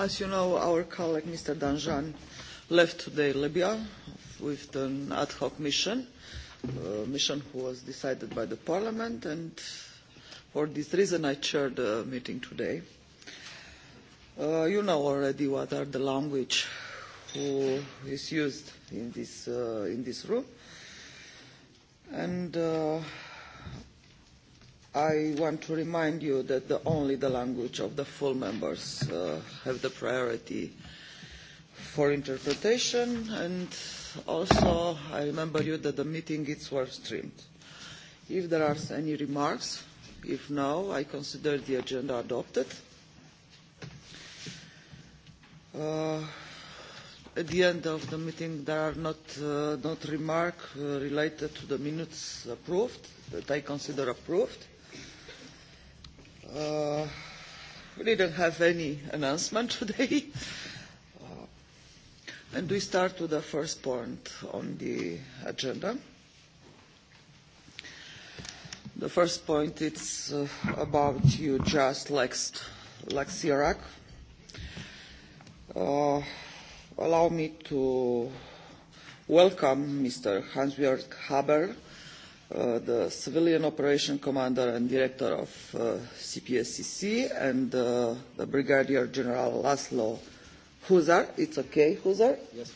As you know, our colleague, Mr. Danjan, left today Libya with an ad hoc mission, a mission who was decided by the parliament, and for this reason I chaired the meeting today. Uh, you know already what are the language who is used in this, uh, in this room. And... Uh, I want to remind you that the, only the language of the full members uh, have the priority for interpretation, and also I remember you that the meeting is web streamed. If there are any remarks, if no, I consider the agenda adopted. Uh, at the end of the meeting, there are not, uh, not remarks uh, related to the minutes approved that I consider approved. Uh, we didn't have any announcement today. Uh, and we start with the first point on the agenda. The first point is uh, about you just Lex, Lex Iraq. Uh, allow me to welcome Mr. Hans-Jörg Haber, the civilian operation commander and director of CPSCC, and uh, the Brigadier General Laszlo Huzar, it's okay, Huzar? Yes,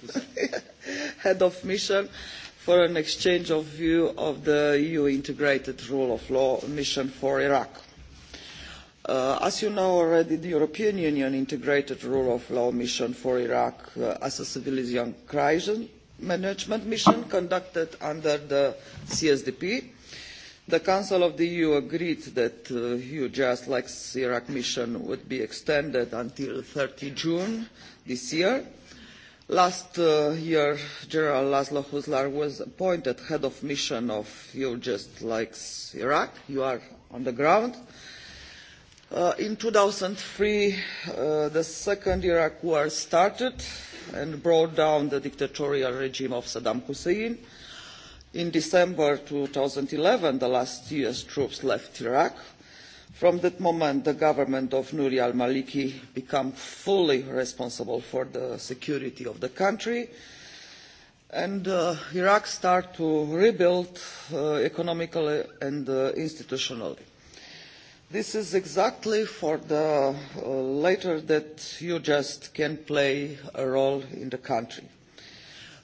Head of mission for an exchange of view of the EU integrated rule of law mission for Iraq. Uh, as you know already, the European Union integrated rule of law mission for Iraq uh, as a civilian crisis, management mission conducted under the CSDP. The Council of the EU agreed that uh, EUJust, like Iraq mission, would be extended until 30 June this year. Last year, General Laszlo Huslar was appointed head of mission of EUJust, like Iraq. You are on the ground. Uh, in 2003, uh, the second Iraq war started and brought down the dictatorial regime of Saddam Hussein. In December eleven the last US troops left Iraq. From that moment, the government of Nouri al-Maliki became fully responsible for the security of the country and Iraq started to rebuild economically and institutionally This is exactly for the uh, later that you just can play a role in the country.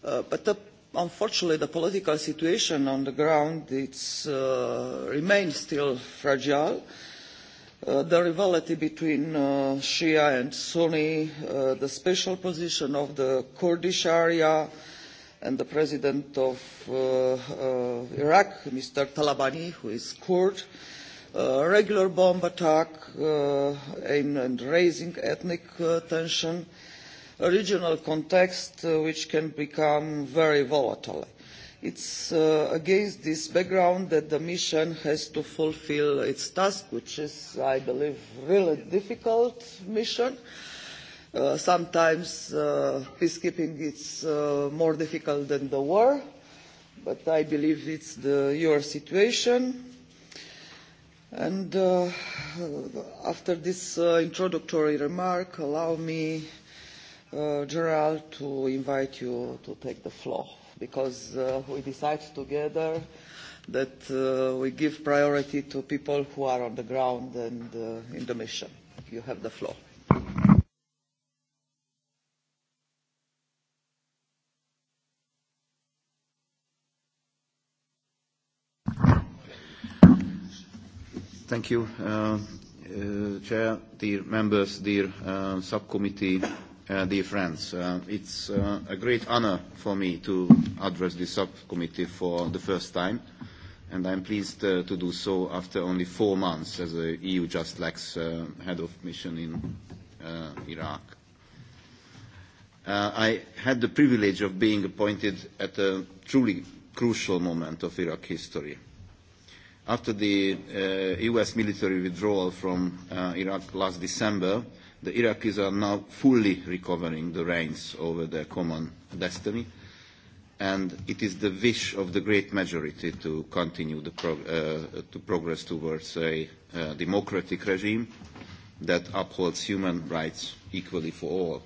Uh, but the, unfortunately, the political situation on the ground it's, uh, remains still fragile. Uh, the rivalry between uh, Shia and Sunni, uh, the special position of the Kurdish area, and the president of uh, uh, Iraq, Mr. Talabani, who is Kurd, uh, regular bomb attack uh, aimed at raising ethnic uh, tension, a regional context uh, which can become very volatile. It's uh, against this background that the mission has to fulfill its task, which is, I believe, really difficult mission. Uh, sometimes uh, peacekeeping is uh, more difficult than the war, but I believe it's the, your situation And after this introductory remark, allow me, Gerald, to invite you to take the floor because we decide together that we give priority to people who are on the ground and in the mission. You have the floor. Thank you, uh, uh, Chair, dear members, dear uh, subcommittee, uh, dear friends. Uh, it's uh, a great honor for me to address this subcommittee for the first time, and I'm pleased uh, to do so after only four months as a EU Just Lex uh, head of mission in uh, Iraq. Uh, I had the privilege of being appointed at a truly crucial moment of Iraq history – After the uh, U.S. military withdrawal from uh, Iraq last December, the Iraqis are now fully recovering the reins over their common destiny, and it is the wish of the great majority to continue the prog- uh, to progress towards a uh, democratic regime that upholds human rights equally for all.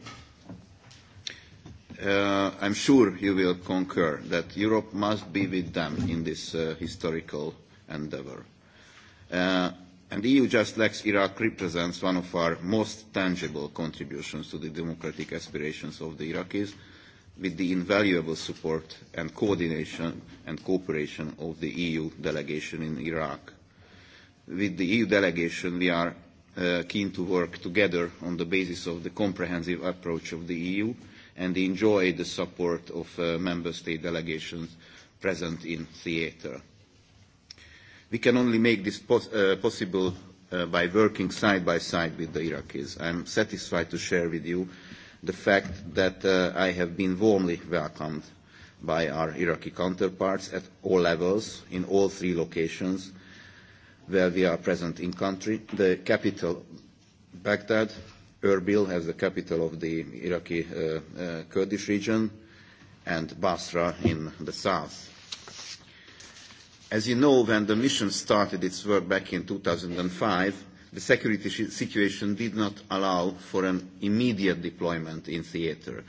Uh, I'm sure you will concur that Europe must be with them in this uh, historical endeavour. Uh, and the EU Just Lex Iraq represents one of our most tangible contributions to the democratic aspirations of the Iraqis, with the invaluable support and coordination and cooperation of the EU delegation in Iraq. With the EU delegation, we are uh, keen to work together on the basis of the comprehensive approach of the EU and enjoy the support of uh, member state delegations present in theatre. We can only make this pos- uh, possible uh, by working side by side with the Iraqis. I'm satisfied to share with you the fact that uh, I have been warmly welcomed by our Iraqi counterparts at all levels, in all three locations where we are present in country. The capital, Baghdad, Erbil as the capital of the Iraqi uh, uh, Kurdish region, and Basra in the south. As you know, when the mission started its work back in 2005, the security situation did not allow for an immediate deployment in theater.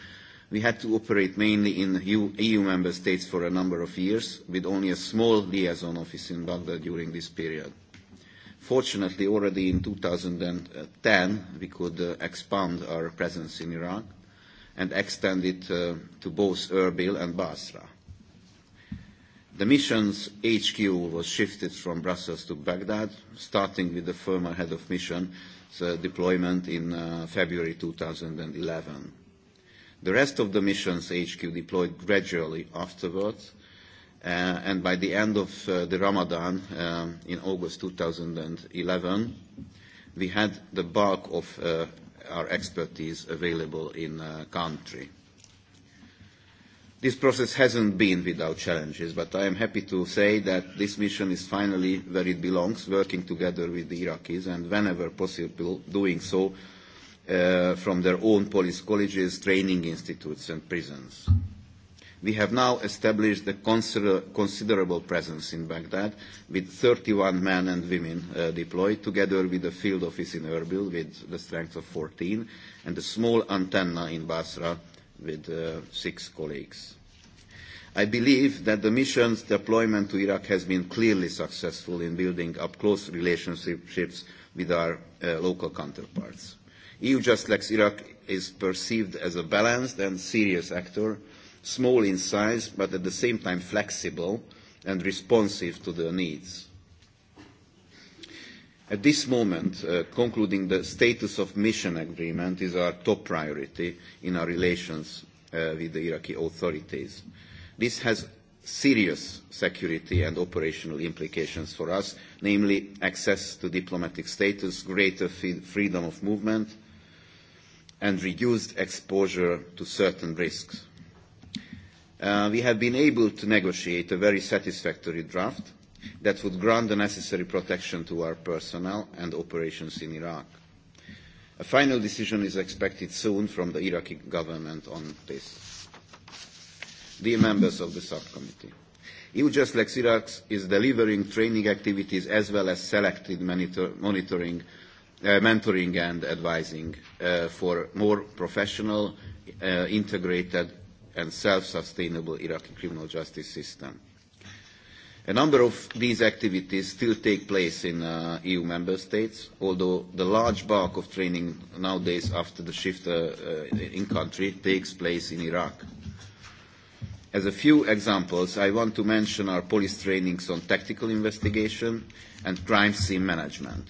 We had to operate mainly in EU member states for a number of years, with only a small liaison office in Baghdad during this period. Fortunately, already in 2010, we could uh, expand our presence in Iraq and extend it uh, to both Erbil and Basra. The mission's HQ was shifted from Brussels to Baghdad, starting with the former head of mission's deployment in uh, February 2011. The rest of the mission's HQ deployed gradually afterwards, uh, and by the end of uh, the Ramadan um, in August 2011, we had the bulk of uh, our expertise available in uh, country. This process hasn't been without challenges, but I am happy to say that this mission is finally where it belongs, working together with the Iraqis and whenever possible doing so uh, from their own police colleges, training institutes and prisons. We have now established a consider considerable presence in Baghdad with 31 men and women uh, deployed together with a field office in Erbil with the strength of 14 and a small antenna in Basra with uh, six colleagues. I believe that the mission's deployment to Iraq has been clearly successful in building up close relationships with our uh, local counterparts. EU Just Lex Iraq is perceived as a balanced and serious actor, small in size, but at the same time flexible and responsive to the needs At this moment, uh, concluding the status of mission agreement is our top priority in our relations uh, with the Iraqi authorities. This has serious security and operational implications for us, namely access to diplomatic status, greater freedom of movement, and reduced exposure to certain risks. we have been able to negotiate a very satisfactory draft that would grant the necessary protection to our personnel and operations in Iraq. A final decision is expected soon from the Iraqi government on this. Dear members of the subcommittee, EU Just Lex Iraq is delivering training activities as well as selected monitoring, uh, mentoring and advising uh, for more professional, uh, integrated and self-sustainable Iraqi criminal justice system A number of these activities still take place in uh, EU member states, although the large bulk of training nowadays after the shift uh, uh, in country takes place in Iraq. As a few examples, I want to mention our police trainings on tactical investigation and crime scene management.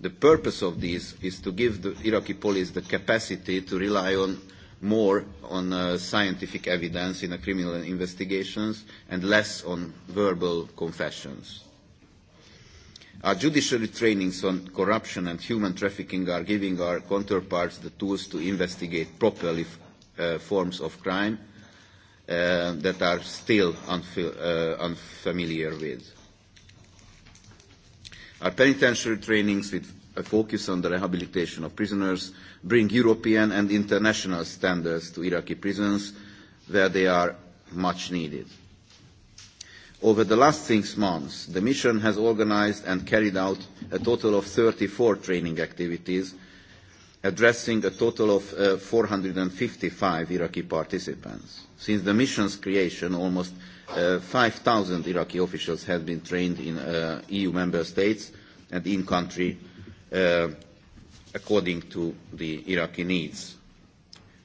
The purpose of these is to give the Iraqi police the capacity to rely on more on uh, scientific evidence in a criminal investigations and less on verbal confessions. Our judiciary trainings on corruption and human trafficking are giving our counterparts the tools to investigate properly uh, forms of crime uh, that are still unf uh, unfamiliar with. Our penitentiary trainings with a focus on the rehabilitation of prisoners, bring European and international standards to Iraqi prisons where they are much needed. Over the last six months, the mission has organised and carried out a total of 34 training activities, addressing a total of uh, 455 Iraqi participants. Since the mission's creation, almost uh, 5,000 Iraqi officials have been trained in uh, EU member states and in-country uh, according to the Iraqi needs.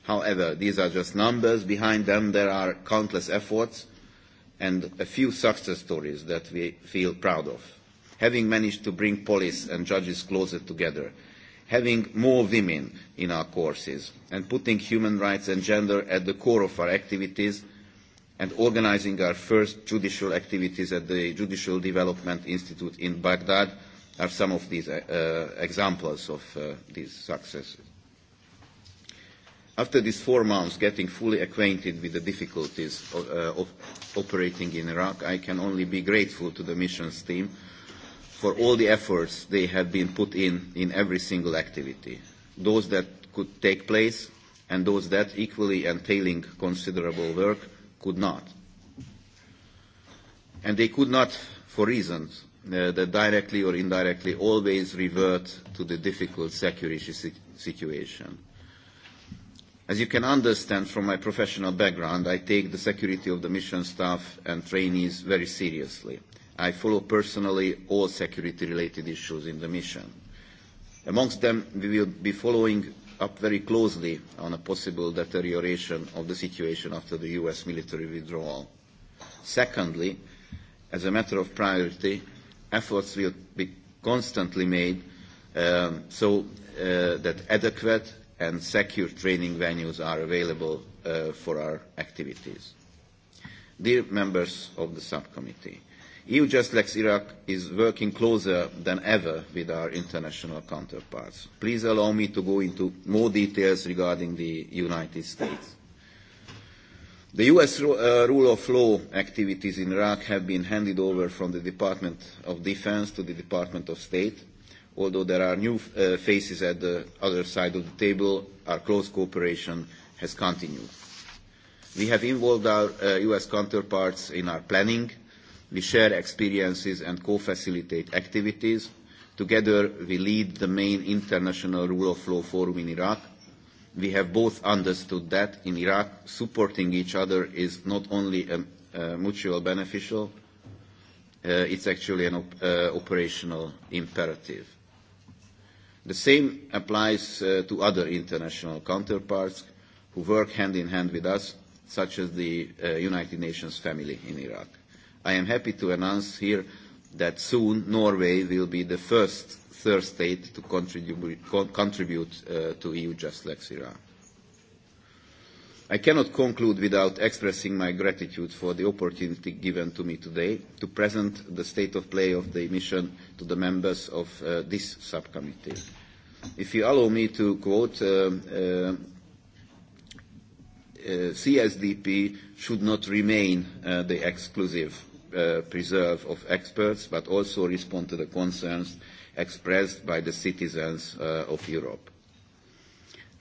However, these are just numbers. Behind them, there are countless efforts and a few success stories that we feel proud of. Having managed to bring police and judges closer together, having more women in our courses, and putting human rights and gender at the core of our activities, and organizing our first judicial activities at the Judicial Development Institute in Baghdad – are some of these uh, examples of uh, these successes. After these four months getting fully acquainted with the difficulties of, uh, of operating in Iraq, I can only be grateful to the missions team for all the efforts they have been put in in every single activity, those that could take place and those that, equally entailing considerable work, could not. And they could not for reasons that directly or indirectly always revert to the difficult security situation. As you can understand from my professional background, I take the security of the mission staff and trainees very seriously. I follow personally all security-related issues in the mission. Amongst them, we will be following up very closely on a possible deterioration of the situation after the U.S. military withdrawal. Secondly, as a matter of priority, efforts will be constantly made um, so uh, that adequate and secure training venues are available uh, for our activities. Dear members of the subcommittee, EU Just Lex Iraq is working closer than ever with our international counterparts. Please allow me to go into more details regarding the United States. The U.S. rule of law activities in Iraq have been handed over from the Department of Defense to the Department of State, although there are new uh, faces at the other side of the table, our close cooperation has continued. We have involved our uh, U.S. counterparts in our planning. We share experiences and co-facilitate activities. Together, we lead the main international rule of law forum in Iraq, We have both understood that in Iraq, supporting each other is not only a, a mutual beneficial, uh, it's actually an op- uh, operational imperative. The same applies uh, to other international counterparts who work hand in hand with us, such as the uh, United Nations family in Iraq. I am happy to announce here that soon Norway will be the first third state to contribute, contribute uh, to EU just lex Iran. I cannot conclude without expressing my gratitude for the opportunity given to me today to present the state of play of the mission to the members of uh, this subcommittee. If you allow me to quote, uh, uh, CSDP should not remain uh, the exclusive uh, preserve of experts, but also respond to the concerns uh, expressed by the citizens uh, of Europe.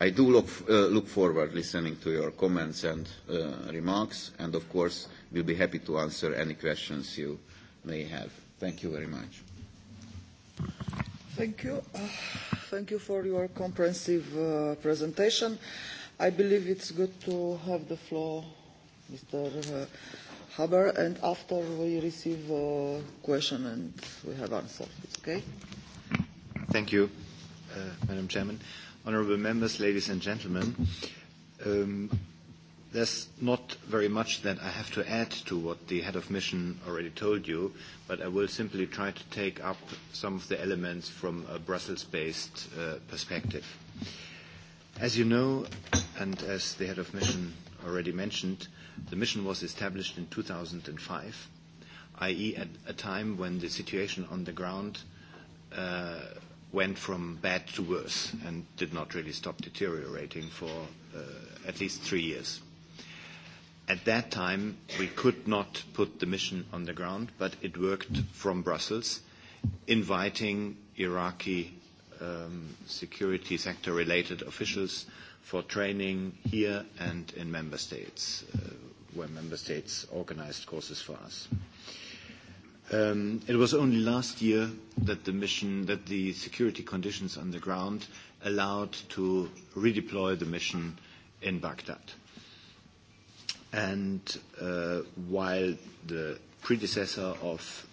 I do look, uh, look forward listening to your comments and uh, remarks, and of course, we'll be happy to answer any questions you may have. Thank you very much. Thank you. Thank you for your comprehensive uh, presentation. I believe it's good to have the floor, Mr. Haber, and after we receive a question and we have answers. Okay? Thank you, uh, Madam Chairman. Honourable members, ladies and gentlemen, um, there's not very much that I have to add to what the head of mission already told you, but I will simply try to take up some of the elements from a Brussels-based uh, perspective. As you know, and as the head of mission already mentioned, the mission was established in 2005, i.e., at a time when the situation on the ground uh, went from bad to worse and did not really stop deteriorating for uh, at least three years. At that time, we could not put the mission on the ground, but it worked from Brussels, inviting Iraqi um, security sector related officials for training here and in member states, uh, where member states organized courses for us. It was only last year that the mission, that the security conditions on the ground allowed to redeploy the mission in Baghdad. And while the predecessor of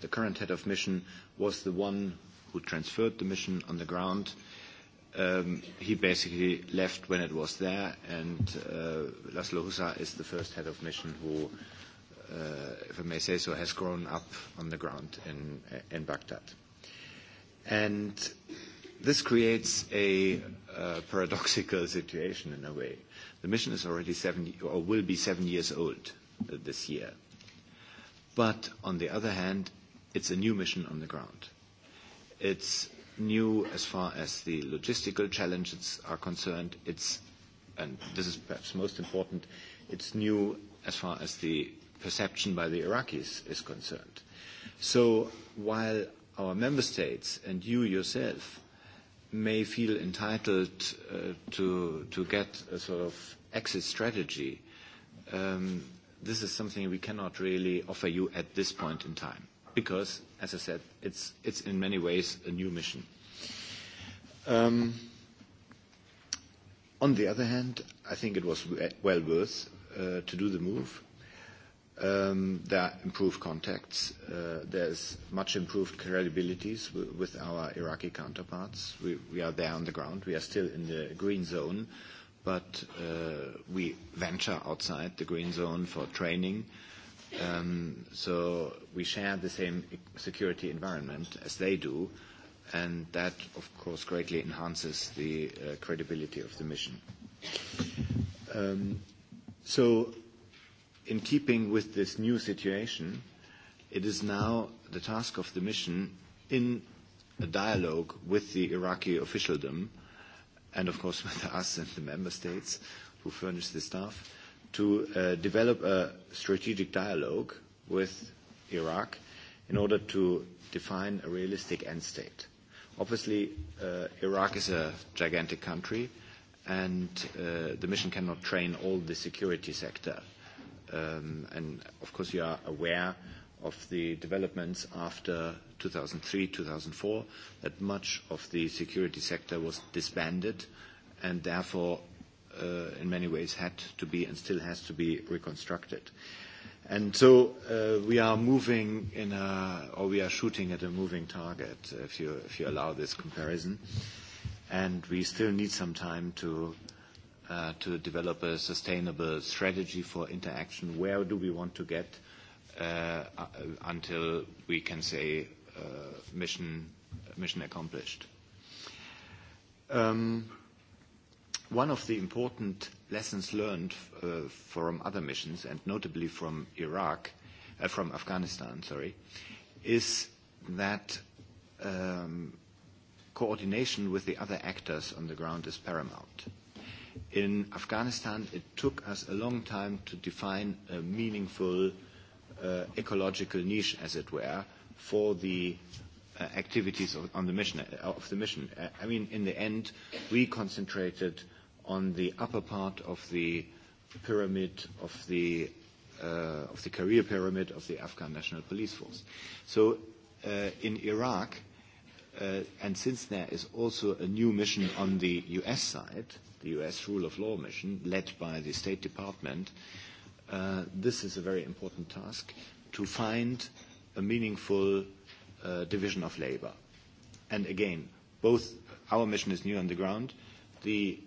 the current head of mission was the one who transferred the mission on the ground, um, he basically left when it was there, and uh, Laszlo Husa is the first head of mission who if I may say so, has grown up on the ground in, in Baghdad. And this creates a uh, paradoxical situation in a way. The mission is already seven, or will be seven years old uh, this year. But on the other hand, it's a new mission on the ground. It's new as far as the logistical challenges are concerned. It's, and this is perhaps most important, it's new as far as the perception by the Iraqis is concerned. So while our member states and you yourself may feel entitled uh, to, to get a sort of exit strategy, um, this is something we cannot really offer you at this point in time because, as I said, it's, it's in many ways a new mission. Um, on the other hand, I think it was well worth uh, to do the move There are improved contacts. There's much improved credibilities with our Iraqi counterparts. We are there on the ground. We are still in the green zone, but we venture outside the green zone for training. So we share the same security environment as they do, and that, of course, greatly enhances the credibility of the mission. So in keeping with this new situation, it is now the task of the mission in a dialogue with the Iraqi officialdom and, of course, with us and the member states who furnish the staff to uh, develop a strategic dialogue with Iraq in order to define a realistic end state. Obviously, uh, Iraq is a gigantic country, and uh, the mission cannot train all the security sector And of course, you are aware of the developments after 2003, 2004, that much of the security sector was disbanded and therefore, in many ways, had to be and still has to be reconstructed. And so we are moving in a, or we are shooting at a moving target, if you, if you allow this comparison. And we still need some time to to develop a sustainable strategy for interaction. Where do we want to get uh, until we can say uh, mission, mission accomplished? Um, one of the important lessons learned uh, from other missions, and notably from Iraq, uh, from Afghanistan, sorry, is that um, coordination with the other actors on the ground is paramount In Afghanistan, it took us a long time to define a meaningful uh, ecological niche, as it were, for the uh, activities of, on the mission, of the mission. I mean, in the end, we concentrated on the upper part of the pyramid of the uh, of the career pyramid of the Afghan National Police Force. So uh, in Iraq, and since there is also a new mission on the U.S. side, the U.S. rule of law mission led by the State Department, uh, this is a very important task to find a meaningful uh, division of labor. And again, both our mission is new on the ground. The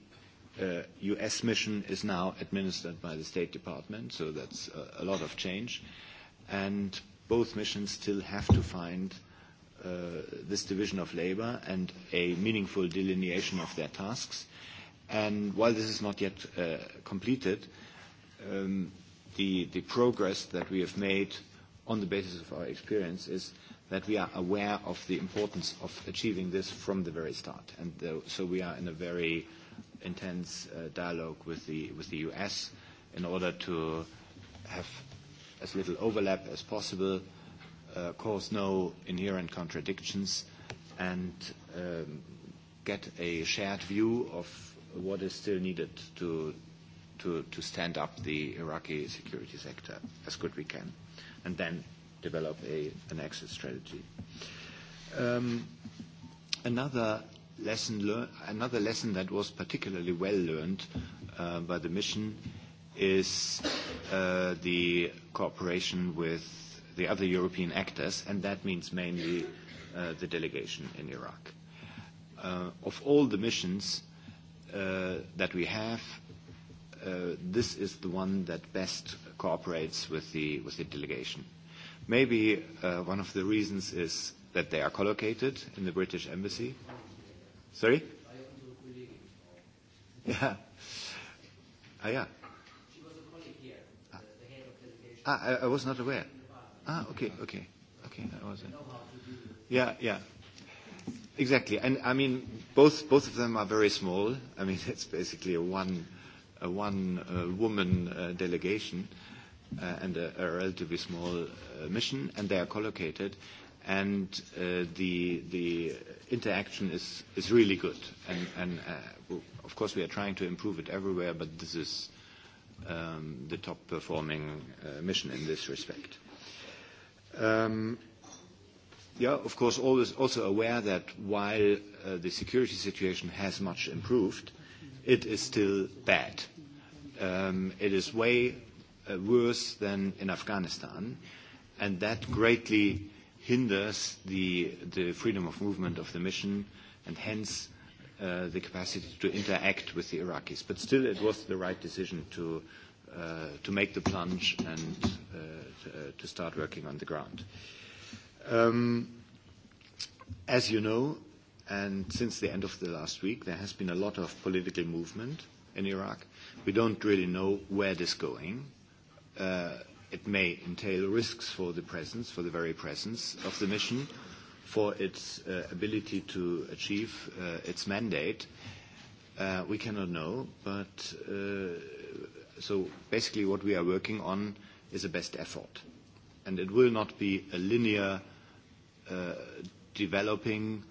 uh, U.S. mission is now administered by the State Department, so that's a, a lot of change. And both missions still have to find this division of labor and a meaningful delineation of their tasks. And while this is not yet uh, completed, um, the, the progress that we have made on the basis of our experience is that we are aware of the importance of achieving this from the very start. And the, so we are in a very intense uh, dialogue with the, with the US in order to have as little overlap as possible cause no inherent contradictions, and get a shared view of what is still needed to, to, to stand up the Iraqi security sector as good we can, and then develop a, an exit strategy. Um, another lesson lear- another lesson that was particularly well learned uh, by the mission is uh, the cooperation with the other European actors, and that means mainly uh, the delegation in Iraq. Uh, of all the missions uh, that we have, uh, this is the one that best cooperates with the, with the delegation. Maybe uh, one of the reasons is that they are collocated in the British Embassy. Sorry? Yeah. Ah, yeah. She was a colleague here, the head of delegation. Ah, I, I was not aware. Ah, okay, okay, okay. That was it. Yeah, yeah. Exactly, and I mean both both of them are very small. I mean it's basically a one a one uh, woman uh, delegation uh, and a, a relatively small uh, mission, and they are collocated, and uh, the the interaction is is really good, and and uh, of course we are trying to improve it everywhere, but this is um, the top performing uh, mission in this respect. Yeah, of course, always also aware that while the security situation has much improved, it is still bad. It is way worse than in Afghanistan, and that greatly hinders the freedom of movement of the mission and hence the capacity to interact with the Iraqis. But still, it was the right decision to make the plunge and to start working on the ground. As you know, and since the end of the last week, there has been a lot of political movement in Iraq. We don't really know where this is going. It may entail risks for the presence, for the very presence of the mission, for its ability to achieve its mandate. We cannot know, but so basically what we are working on is a best effort. And it will not be a linear uh, developing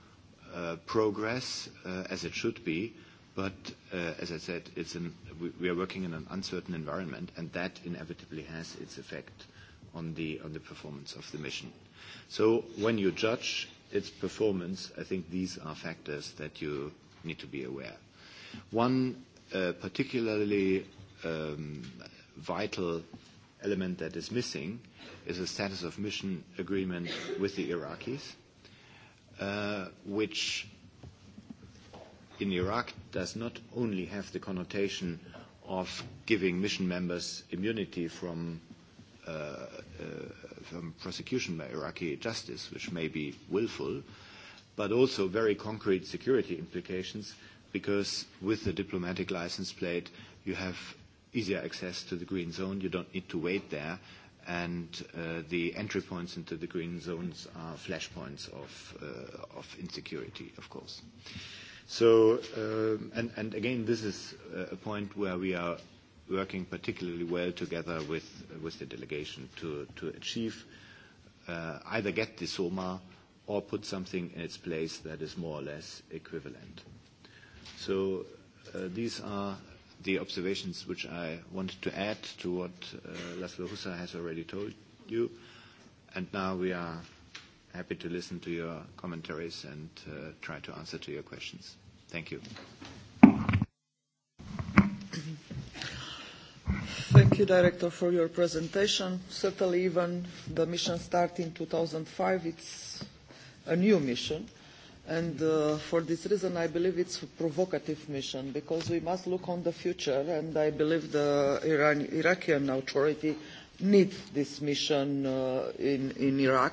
uh, progress uh, as it should be, but uh, as I said, it's an, we, we are working in an uncertain environment, and that inevitably has its effect on the, on the performance of the mission. So when you judge its performance, I think these are factors that you need to be aware. One uh particularly um vital element that is missing is a status of mission agreement with the Iraqis, uh, which in Iraq does not only have the connotation of giving mission members immunity from, uh, uh, from prosecution by Iraqi justice, which may be willful, but also very concrete security implications because with the diplomatic license plate you have easier access to the green zone. You don't need to wait there. And uh, the entry points into the green zones are flashpoints of, uh, of insecurity, of course. So, uh and, and again, this is a point where we are working particularly well together with, with the delegation to, to achieve uh, either get the SOMA or put something in its place that is more or less equivalent. So uh, these are the observations which I wanted to add to what uh Laszlo Husa has already told you. And now we are happy to listen to your commentaries and uh, try to answer to your questions. Thank you. Thank you, Director, for your presentation. Certainly, even the mission started in 2005, it's a new mission And uh, for this reason, I believe it's a provocative mission because we must look on the future. And I believe the Iran, Iraqi authority needs this mission uh, in, in Iraq.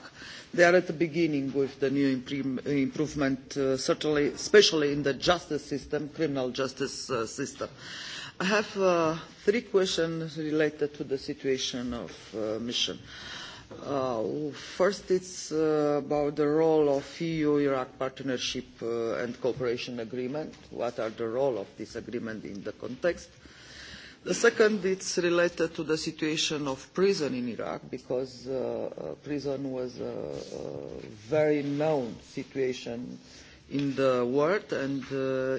They are at the beginning with the new improvement, uh, certainly, especially in the justice system, criminal justice uh, system. I have uh, three questions related to the situation of uh, mission. Uh, First, it's about the role of EU-Iraq Partnership and Cooperation Agreement. What are the role of this agreement in the context? The second, it's related to the situation of prison in Iraq, because prison was a very known situation in the world, and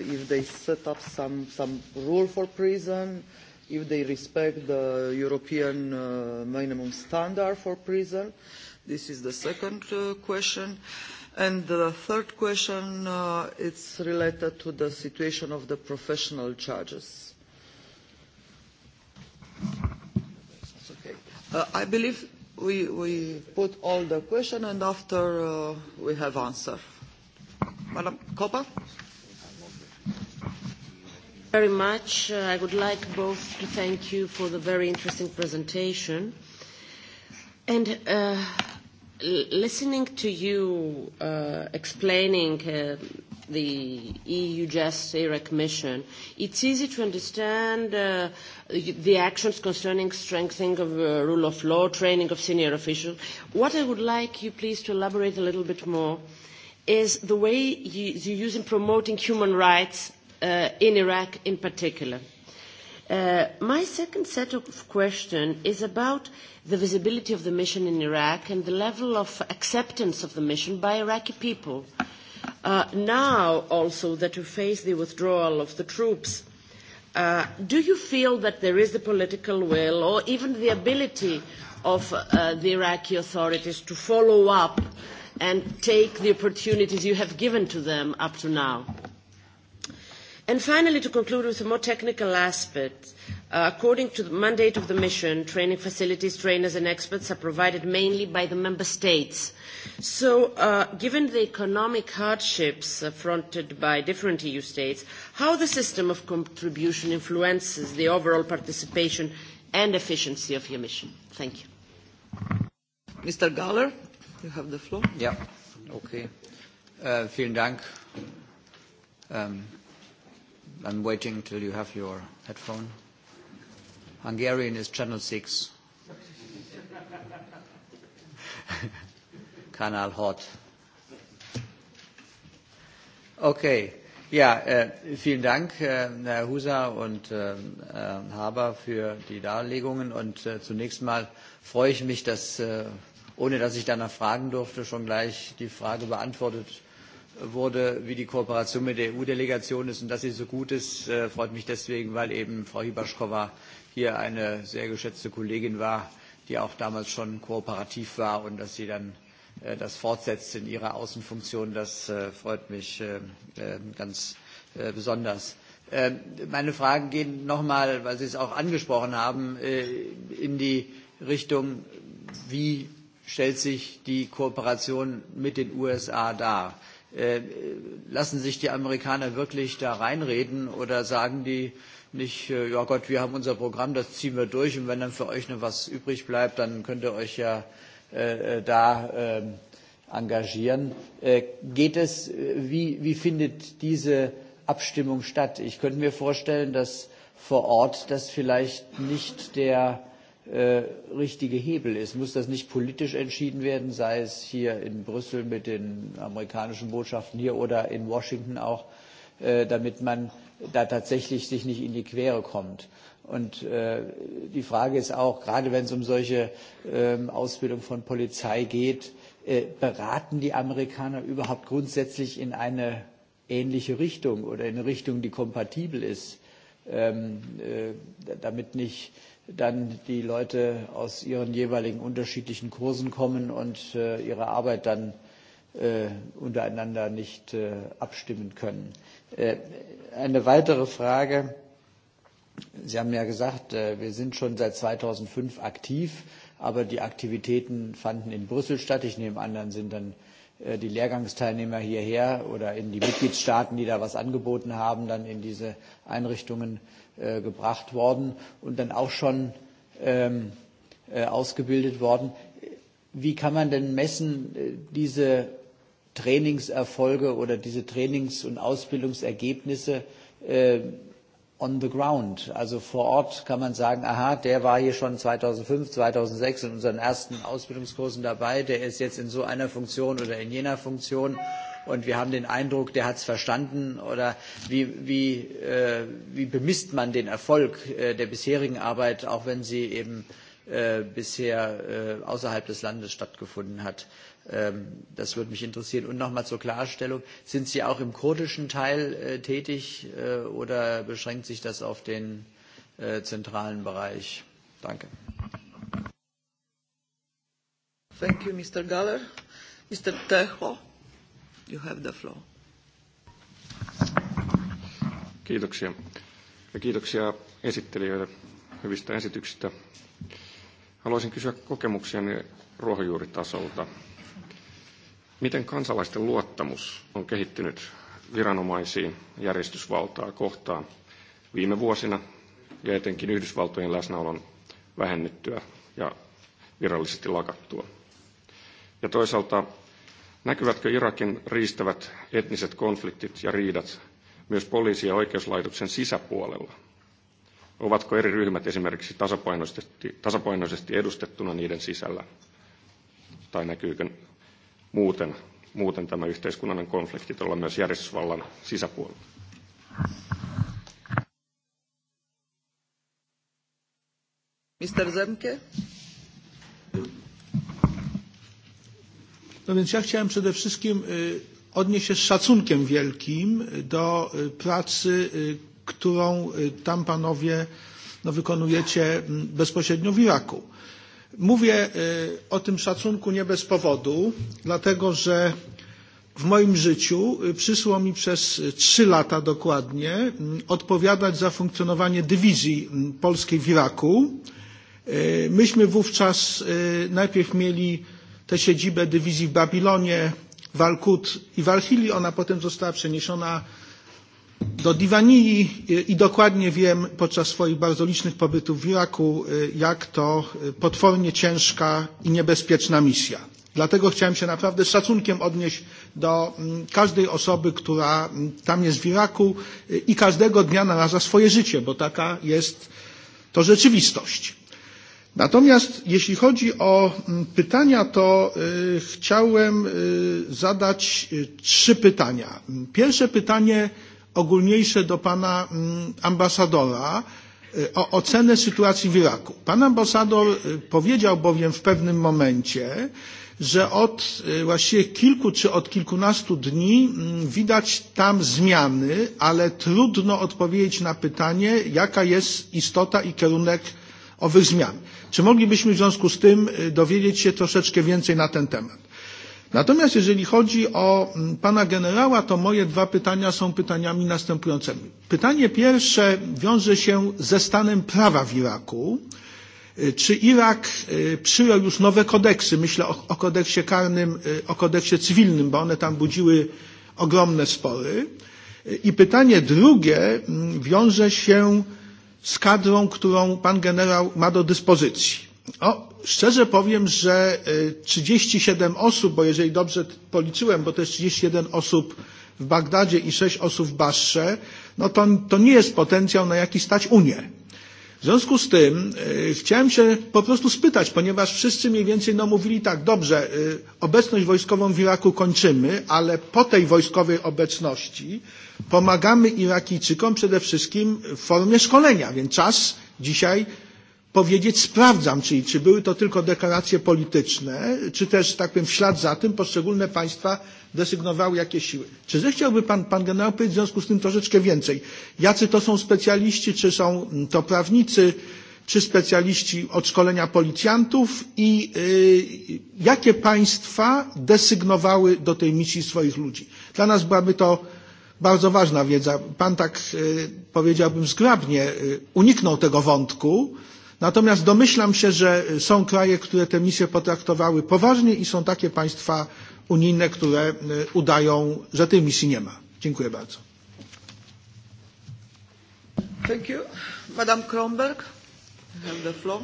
if they set up some some rule for prison, uh, if they respect the European uh, minimum standard for prison. This is the second uh, question. And the third question, uh, it's related to the situation of the professional judges. Okay. Uh, I believe we, we put all the question and after uh, we have answer. Madam Coppa? very much. I would like both to thank you for the very interesting presentation. And uh, listening to you uh, explaining uh, the EU Just Iraq mission, it's easy to understand uh, the actions concerning strengthening of uh, rule of law, training of senior officials. What I would like you please to elaborate a little bit more is the way you, you use in promoting human rights in Iraq in particular. my second set of questions is about the visibility of the mission in Iraq and the level of acceptance of the mission by Iraqi people. now also that you face the withdrawal of the troops, do you feel that there is the political will or even the ability of the Iraqi authorities to follow up and take the opportunities you have given to them up to now? finally, to conclude with a more technical aspect, according to the mandate of the mission, training facilities, trainers and experts are provided mainly by the member states. So given the economic hardships affronted by different EU states, how the system of contribution influences the overall participation and efficiency of your mission? Thank you. Mr. Galler, you have the floor. Yeah, okay. vielen Dank I'm waiting till you have your headphone. Hungarian is channel 6. Kanal Hot. Okay. Ja, äh, vielen Dank, äh, Herr Huser und äh, Haber, für die Darlegungen. Und äh, zunächst mal freue ich mich, dass, äh, ohne dass ich danach fragen durfte, schon gleich die Frage beantwortet wurde, wie die Kooperation mit der EU-Delegation ist. Und dass sie so gut ist, freut mich deswegen, weil eben Frau Hibaschkova hier eine sehr geschätzte Kollegin war, die auch damals schon kooperativ war und dass sie dann das fortsetzt in ihrer Außenfunktion. Das freut mich ganz besonders. Meine Fragen gehen nochmal, weil Sie es auch angesprochen haben, in die Richtung, wie stellt sich die Kooperation mit den USA dar? lassen sich die Amerikaner wirklich da reinreden oder sagen die nicht, ja Gott, wir haben unser Programm, das ziehen wir durch und wenn dann für euch noch was übrig bleibt, dann könnt ihr euch ja da engagieren. Geht es, wie, wie findet diese Abstimmung statt? Ich könnte mir vorstellen, dass vor Ort das vielleicht nicht der richtige Hebel ist. Muss das nicht politisch entschieden werden, sei es hier in Brüssel mit den amerikanischen Botschaften hier oder in Washington auch, damit man da tatsächlich sich nicht in die Quere kommt? Und die Frage ist auch, gerade wenn es um solche Ausbildung von Polizei geht, beraten die Amerikaner überhaupt grundsätzlich in eine ähnliche Richtung oder in eine Richtung, die kompatibel ist, damit nicht dann die Leute aus ihren jeweiligen unterschiedlichen Kursen kommen und ihre Arbeit dann untereinander nicht abstimmen können. eine weitere Frage. Sie haben ja gesagt, wir sind schon seit 2005 aktiv, aber die Aktivitäten fanden in Brüssel statt. Ich nehme an, dann sind dann die Lehrgangsteilnehmer hierher oder in die Mitgliedstaaten, die da was angeboten haben, dann in diese Einrichtungen gebracht worden und dann auch schon ausgebildet worden. Wie kann man denn messen, diese Trainingserfolge oder diese Trainings- und Ausbildungsergebnisse on the ground. Also vor Ort kann man sagen, aha, der war hier schon 2005, 2006 in unseren ersten Ausbildungskursen dabei, der ist jetzt in so einer Funktion oder in jener Funktion und wir haben den Eindruck, der hat es verstanden oder wie, wie, äh, wie bemisst man den Erfolg äh, der bisherigen Arbeit, auch wenn sie eben äh, bisher äh, außerhalb des Landes stattgefunden hat. Äh, Das würde mich interessieren. Und nochmal zur Klarstellung, sind Sie auch im kurdischen Teil tätig oder beschränkt sich das auf den zentralen Bereich? Danke. Thank you, Mr. Galler. Mr. you have the floor. Kiitoksia. Ja kiitoksia esittelijöille hyvistä esityksistä. Haluaisin kysyä kokemuksiani ruohonjuuritasolta. Miten kansalaisten luottamus on kehittynyt viranomaisiin järjestysvaltaa kohtaan viime vuosina ja etenkin Yhdysvaltojen läsnäolon vähennettyä ja virallisesti lakattua? Ja toisaalta Näkyvätkö Irakin riistävät etniset konfliktit ja riidat myös poliisi- ja oikeuslaitoksen sisäpuolella? Ovatko eri ryhmät esimerkiksi tasapainoisesti, tasapainoisesti edustettuna niiden sisällä? Tai näkyykö muuten, muuten tämä yhteiskunnallinen konflikti tuolla myös järjestysvallan sisäpuolella. Mr. Zemke? No więc ja chciałem przede wszystkim odnieść się z szacunkiem wielkim do pracy, którą tam panowie no, wykonujecie bezpośrednio w Iraku. Mówię o tym szacunku nie bez powodu, dlatego że w moim życiu przyszło mi przez trzy lata dokładnie odpowiadać za funkcjonowanie dywizji polskiej w Iraku. Myśmy wówczas najpierw mieli tę siedzibę dywizji w Babilonie, w al i w Al-Hili. Ona potem została przeniesiona do Diwanii i dokładnie wiem podczas swoich bardzo licznych pobytów w Iraku, jak to potwornie ciężka i niebezpieczna misja. Dlatego chciałem się naprawdę z szacunkiem odnieść do każdej osoby, która tam jest w Iraku i każdego dnia naraża swoje życie, bo taka jest to rzeczywistość. Natomiast jeśli chodzi o pytania, to chciałem zadać trzy pytania. Pierwsze pytanie ogólniejsze do pana ambasadora o ocenę sytuacji w Iraku. Pan ambasador powiedział bowiem w pewnym momencie, że od właściwie kilku czy od kilkunastu dni widać tam zmiany, ale trudno odpowiedzieć na pytanie, jaka jest istota i kierunek owych zmian. Czy moglibyśmy w związku z tym dowiedzieć się troszeczkę więcej na ten temat? Natomiast jeżeli chodzi o pana generała, to moje dwa pytania są pytaniami następującymi. Pytanie pierwsze wiąże się ze stanem prawa w Iraku. Czy Irak przyjął już nowe kodeksy? Myślę o, o kodeksie karnym, o kodeksie cywilnym, bo one tam budziły ogromne spory. I pytanie drugie wiąże się z kadrą, którą pan generał ma do dyspozycji. O, szczerze powiem, że 37 osób, bo jeżeli dobrze policzyłem, bo to jest 31 osób w Bagdadzie i 6 osób w Basrze, no to, to nie jest potencjał, na jaki stać Unię. W związku z tym y, chciałem się po prostu spytać, ponieważ wszyscy mniej więcej no, mówili tak, dobrze, y, obecność wojskową w Iraku kończymy, ale po tej wojskowej obecności pomagamy Irakijczykom przede wszystkim w formie szkolenia, więc czas dzisiaj powiedzieć sprawdzam, czyli czy były to tylko deklaracje polityczne, czy też, tak powiem, w ślad za tym poszczególne państwa desygnowały jakieś siły. Czy zechciałby pan, pan generał powiedzieć w związku z tym troszeczkę więcej? Jacy to są specjaliści, czy są to prawnicy, czy specjaliści od szkolenia policjantów i y, jakie państwa desygnowały do tej misji swoich ludzi? Dla nas byłaby to bardzo ważna wiedza. Pan tak, y, powiedziałbym, zgrabnie y, uniknął tego wątku, Natomiast domyślam się, że są kraje, które te misje potraktowały poważnie i są takie państwa unijne, które udają, że tej misji nie ma. Dziękuję bardzo. Thank you. Madam Kronberg, have the floor.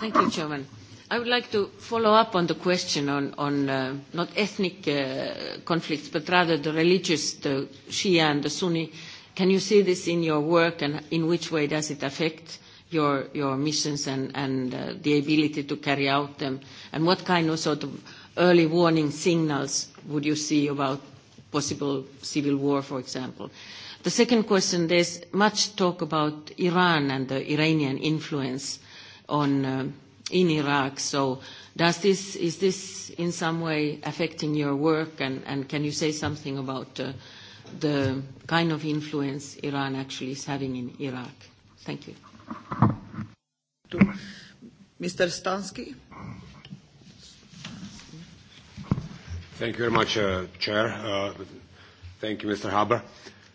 Thank you, Chairman. I would like to follow up on the question on, on uh, not ethnic uh, conflicts, but rather the religious, the Shia and the Sunni. Can you see this in your work and in which way does it affect uh, your your missions and and uh, the ability to carry out them? And what kind of sort of early warning signals would you see about possible civil war, for example? The second question, there's much talk about Iran and the Iranian influence on in Iraq. So does this, is this in some way affecting your work? And, and can you say something about uh, the kind of influence Iran actually is having in Iraq? Thank you. Mr. Stansky. Thank you very much, uh, Chair. Uh, thank you, Mr. Haber.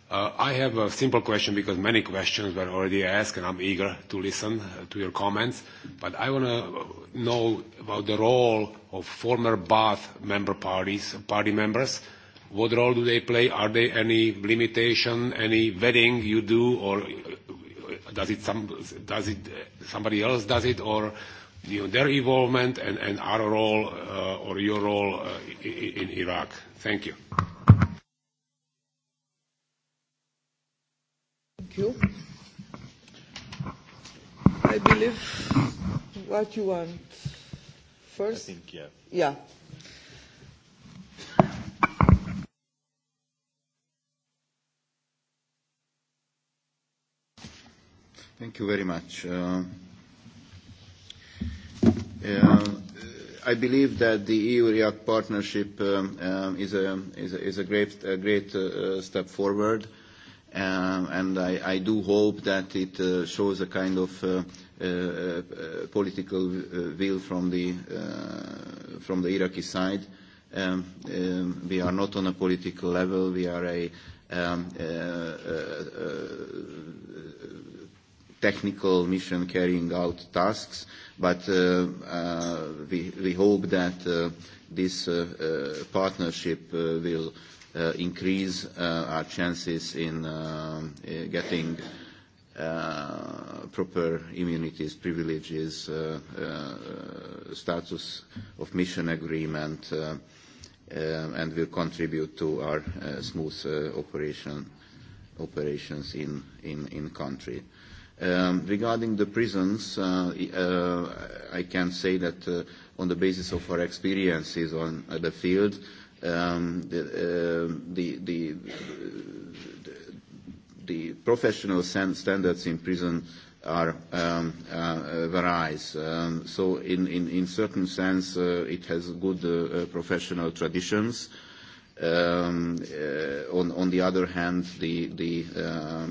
Uh, I have a simple question because many questions were already asked, and I'm eager to listen uh, to your comments. But I want to know about the role of former Bath member parties, party members. What role do they play? Are there any limitation, any vetting you do, or does it some does it somebody else does it or you know, their involvement and, and our role uh, or your role uh, in, in Iraq. Thank you. Thank you. I believe what you want first. I think yeah. Yeah. Thank you very much. Uh, uh, I believe that the EU-REACT partnership um, um, is, a, is, a, is a great, a great uh, step forward, um, and I, I do hope that it uh, shows a kind of uh, uh, political will from the, uh, from the Iraqi side. Um, um, we are not on a political level. We are a um, uh, uh, uh, technical mission carrying out tasks, but uh, uh, we, we hope that uh, this uh, uh, partnership uh, will uh, increase uh, our chances in uh, getting uh, proper immunities, privileges, uh, uh, status of mission agreement, uh, uh, and will contribute to our uh, smooth uh, operation operations in in in country. Regarding the prisons, I can say that on the basis of our experiences on the field, the professional standards in prison are varies. So in certain sense, it has good professional traditions. On the other hand, the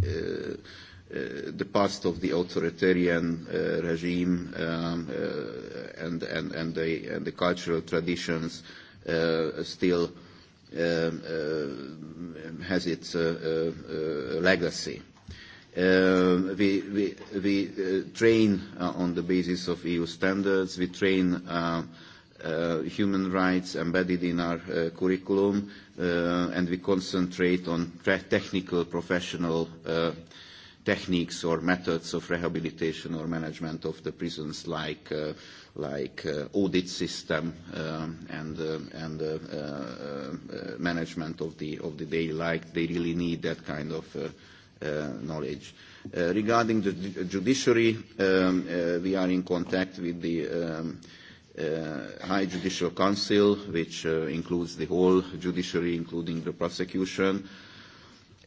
the past of the authoritarian uh, regime um, uh, and, and, and, the, and the cultural traditions uh, still um, uh, has its uh, uh, legacy. Uh, we we, we uh, train uh, on the basis of EU standards. We train uh, uh, human rights embedded in our uh, curriculum, uh, and we concentrate on technical professional uh, techniques or methods of rehabilitation or management of the prisons, like uh, like uh, audit system um, and uh, and uh, uh, uh management of the of the day. Like they really need that kind of. Uh, uh, knowledge. Uh, regarding the judiciary, um, uh, we are in contact with the um, uh, High Judicial Council, which uh, includes the whole judiciary, including the prosecution.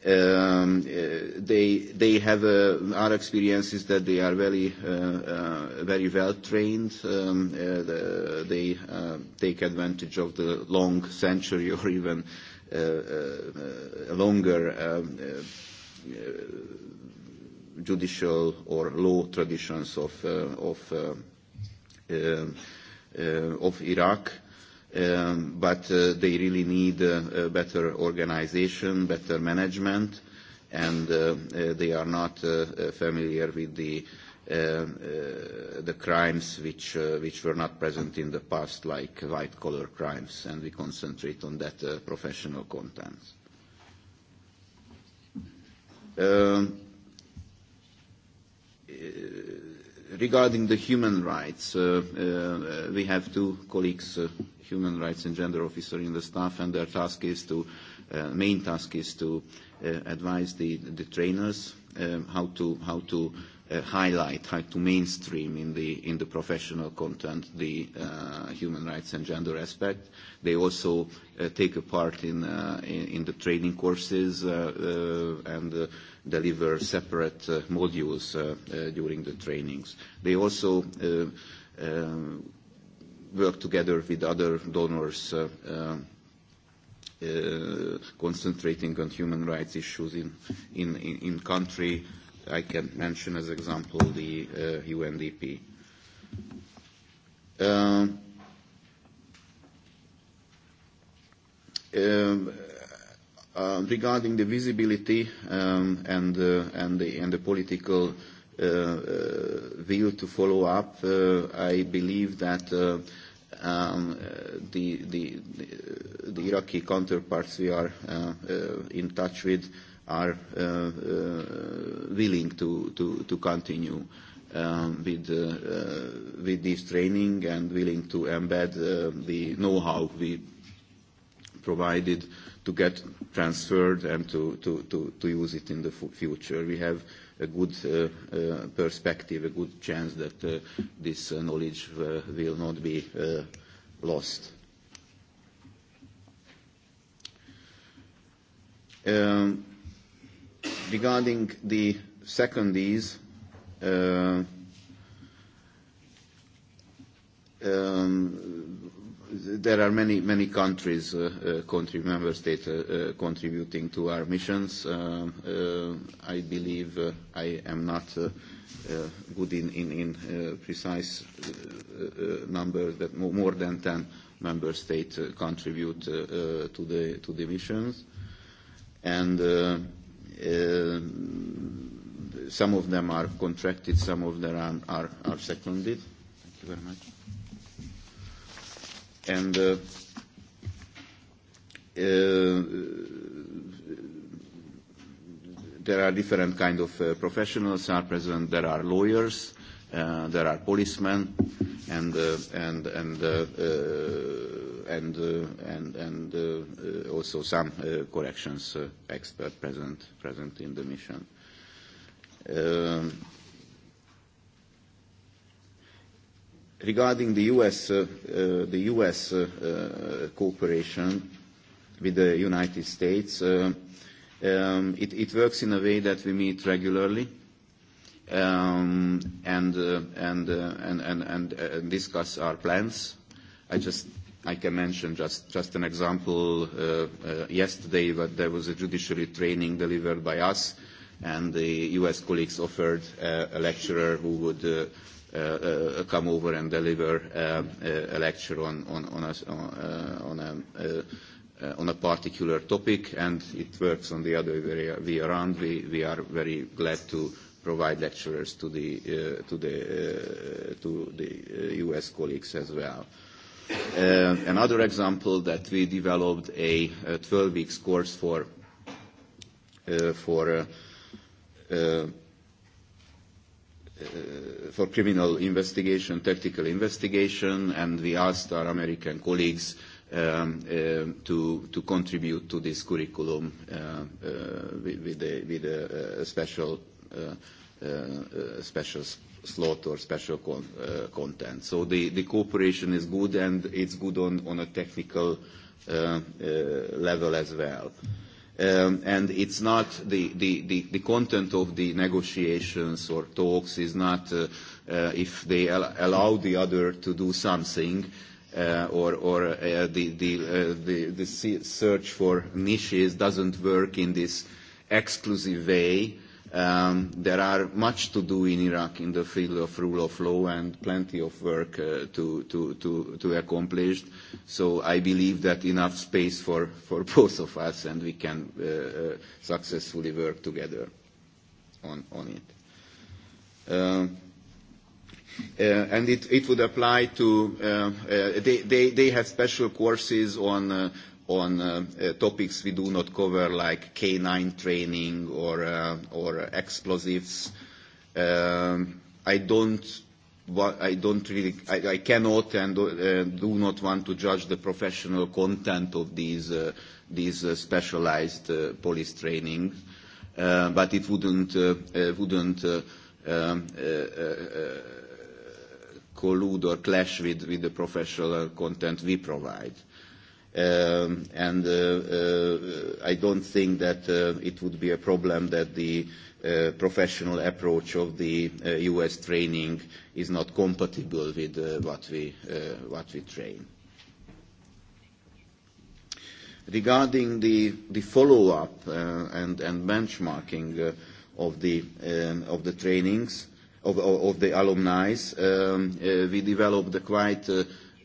Um, they they have uh, our experience is that they are very uh, uh, very well trained. Um, uh, the, they uh, take advantage of the long century or even uh, uh, longer um, uh, judicial or law traditions of uh, of uh, uh, uh, of Iraq, but uh, they really need uh, better organization, better management, and uh, uh, they are not uh, familiar with the uh, uh, the crimes which uh, which were not present in the past, like white collar crimes, and we concentrate on that uh, professional content regarding the human rights, uh, uh, we have two colleagues, uh, human rights and gender officer in the staff, and their task is to, uh, main task is to uh, advise the, the trainers um, how to, how to uh, highlight, how to mainstream in the, in the professional content the uh, human rights and gender aspect. They also uh, take a part in, uh, in, in the training courses uh, uh, and uh, deliver separate uh, modules uh, uh, during the trainings. They also uh, uh, work together with other donors uh, uh, concentrating on human rights issues in, in, in, in country. I can mention as example the uh, UNDP. Um, um, regarding the visibility and, and, the, and the political uh, uh, will to follow up, uh, I believe that uh, um, the, the, the Iraqi counterparts we are uh, uh, in touch with are uh, uh, willing to, to, to continue um, with, uh, uh, with this training and willing to embed uh, the know-how we provided to get transferred and to, to, to, to use it in the future. We have a good perspective, a good chance that this knowledge will not be lost. regarding the second is, there are many, many countries, uh, uh, country member states uh, uh, contributing to our missions. Um, uh, I believe uh, I am not uh, uh, good in, in, in uh, precise uh, uh, number that more than 10 member states uh, contribute uh, uh, to, the, to the missions. And uh, uh, some of them are contracted, some of them are, are, are seconded. Thank you very much. And uh, uh, there are different kind of uh, professionals are present. There are lawyers, uh, there are policemen, and uh, and and uh, uh, and uh, and and uh, also some uh, corrections uh, expert present present in the mission. Um, Regarding the U.S. the U.S. cooperation with the United States, it it works in a way that we meet regularly um and uh uh uh and and and and discuss our plans. I just I can mention just just an example. Uh uh Yesterday, but there was a judiciary training delivered by us, and the U.S. colleagues offered uh a lecturer who would uh uh, come over and deliver uh, a lecture on, on, on, a, on, a, uh, on a particular topic, and it works on the other way, way around. We, we are very glad to provide lecturers to the, uh, to the, uh, to the uh, U.S. colleagues as well. Uh, another example that we developed a 12 weeks course for, uh, for uh, uh, uh for criminal investigation, tactical investigation, and we asked our American colleagues to contribute to this curriculum with a with a special slot or special content. So the cooperation is good, and it's good on a technical level as well and it's not the, the, the, the content of the negotiations or talks is not if they allow the other to do something or, or the, the, uh, the, the search for niches doesn't work in this exclusive way Um, there are much to do in Iraq in the field of rule of law and plenty of work uh, to, to, to, to accomplish. So I believe that enough space for, for both of us and we can uh, uh, successfully work together on, on it. and it, it would apply to, uh, uh, they, they, they have special courses on uh, on topics we do not cover, like canine training or or explosives. I don't I don't really, I, I cannot and do not want to judge the professional content of these, specialized police trainings, but it wouldn't, collude or clash with, with the professional content we provide and I don't think that it would be a problem that the professional approach of the U.S. training is not compatible with what, we, train. Regarding the, the follow-up and, benchmarking of the, trainings, of, of, the alumni, we developed a quite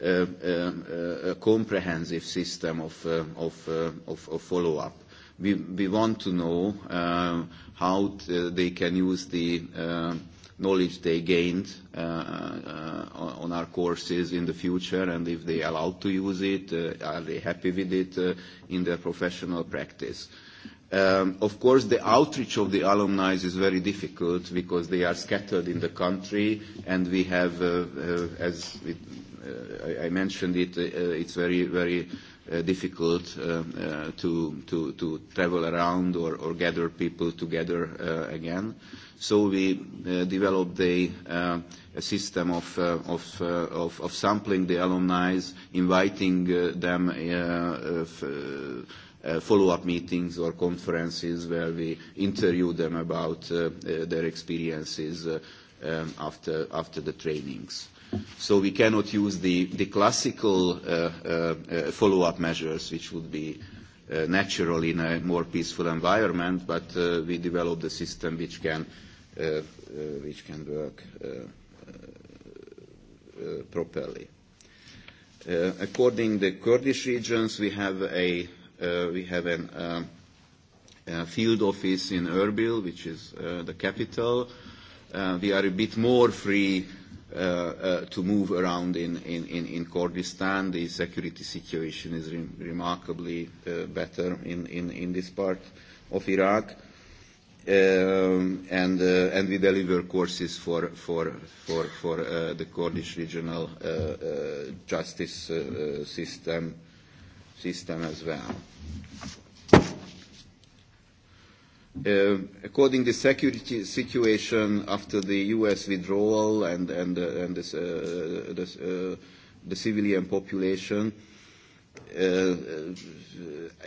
a comprehensive system of follow-up. We want to know how they can use the knowledge they gained on our courses in the future, and if they allowed to use it, are they happy with it in their professional practice? Of course, the outreach of the alumni is very difficult because they are scattered in the country, and we have, as with I, I mentioned it, uh, it's very, very uh, difficult uh, uh, to, to, to travel around or, or gather people together uh, again. So we uh, developed a, uh, a system of, uh, of, uh, of, of sampling the alumni, inviting uh, them uh, f- uh, follow-up meetings or conferences where we interview them about uh, uh, their experiences uh, um, after, after the trainings So we cannot use the, the classical uh, uh, follow-up measures, which would be uh, natural in a more peaceful environment, but uh, we developed a system which can, uh, uh, which can work uh, uh, properly. Uh, according to the Kurdish regions, we have a uh, we have an uh, a field office in Erbil, which is uh, the capital. Uh, we are a bit more free to move around in, in, in, in Kurdistan. The security situation is re- remarkably uh, better in, in, in this part of Iraq. Um, and, uh, and we deliver courses for, for, for, for uh, the Kurdish regional uh, uh, justice uh, system, system as well. Uh, according to the security situation after the U.S. withdrawal and, and, uh, and this, uh, this, uh, the civilian population, uh,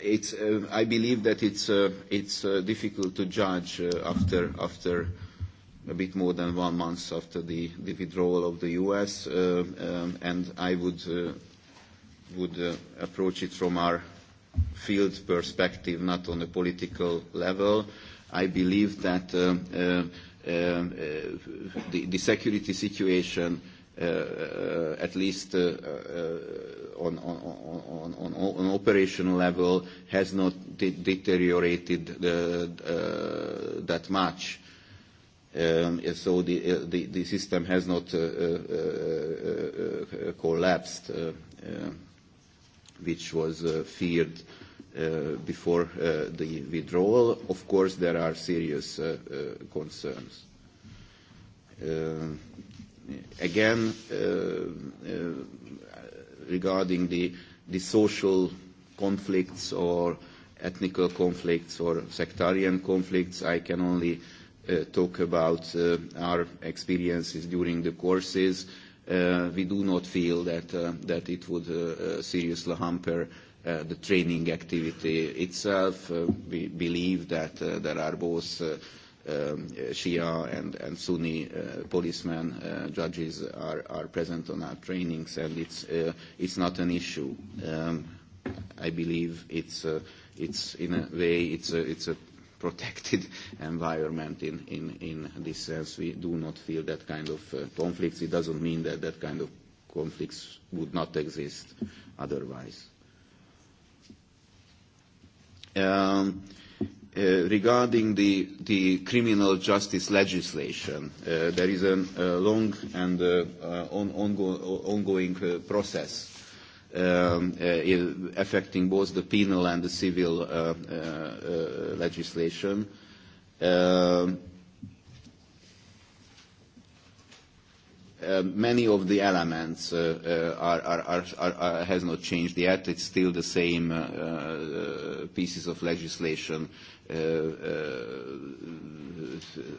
it's, uh, I believe that it's, uh, it's uh, difficult to judge uh, after, after a bit more than one month after the, the withdrawal of the U.S., uh, um, and I would, uh, would uh, approach it from our field perspective, not on a political level. I believe that the the security situation, at least on operational level, has not deteriorated that much. So the the the system has not uh uh uh uh collapsed uh which was uh, feared uh, before uh, the withdrawal. Of course, there are serious uh, uh, concerns. Uh, again, uh, uh, regarding the, the social conflicts or ethnical conflicts or sectarian conflicts, I can only uh, talk about uh, our experiences during the courses. Uh, we do not feel that, that it would seriously hamper the training activity itself. We believe that there are both Shia and, and Sunni uh, policemen, uh, judges are, are present on our trainings, and it's, uh, it's not an issue. Um, I believe it's, uh, it's in a way, it's a, it's a protected environment in, in, in this sense. We do not feel that kind of uh, conflicts. It doesn't mean that that kind of conflicts would not exist otherwise. Um, uh, regarding the, the criminal justice legislation, uh, there is a uh, long and uh, on, ongoing uh, process affecting both the penal and the civil legislation. many of the elements uh, uh, are, are, are, are, has not changed yet. It's still the same uh, pieces of legislation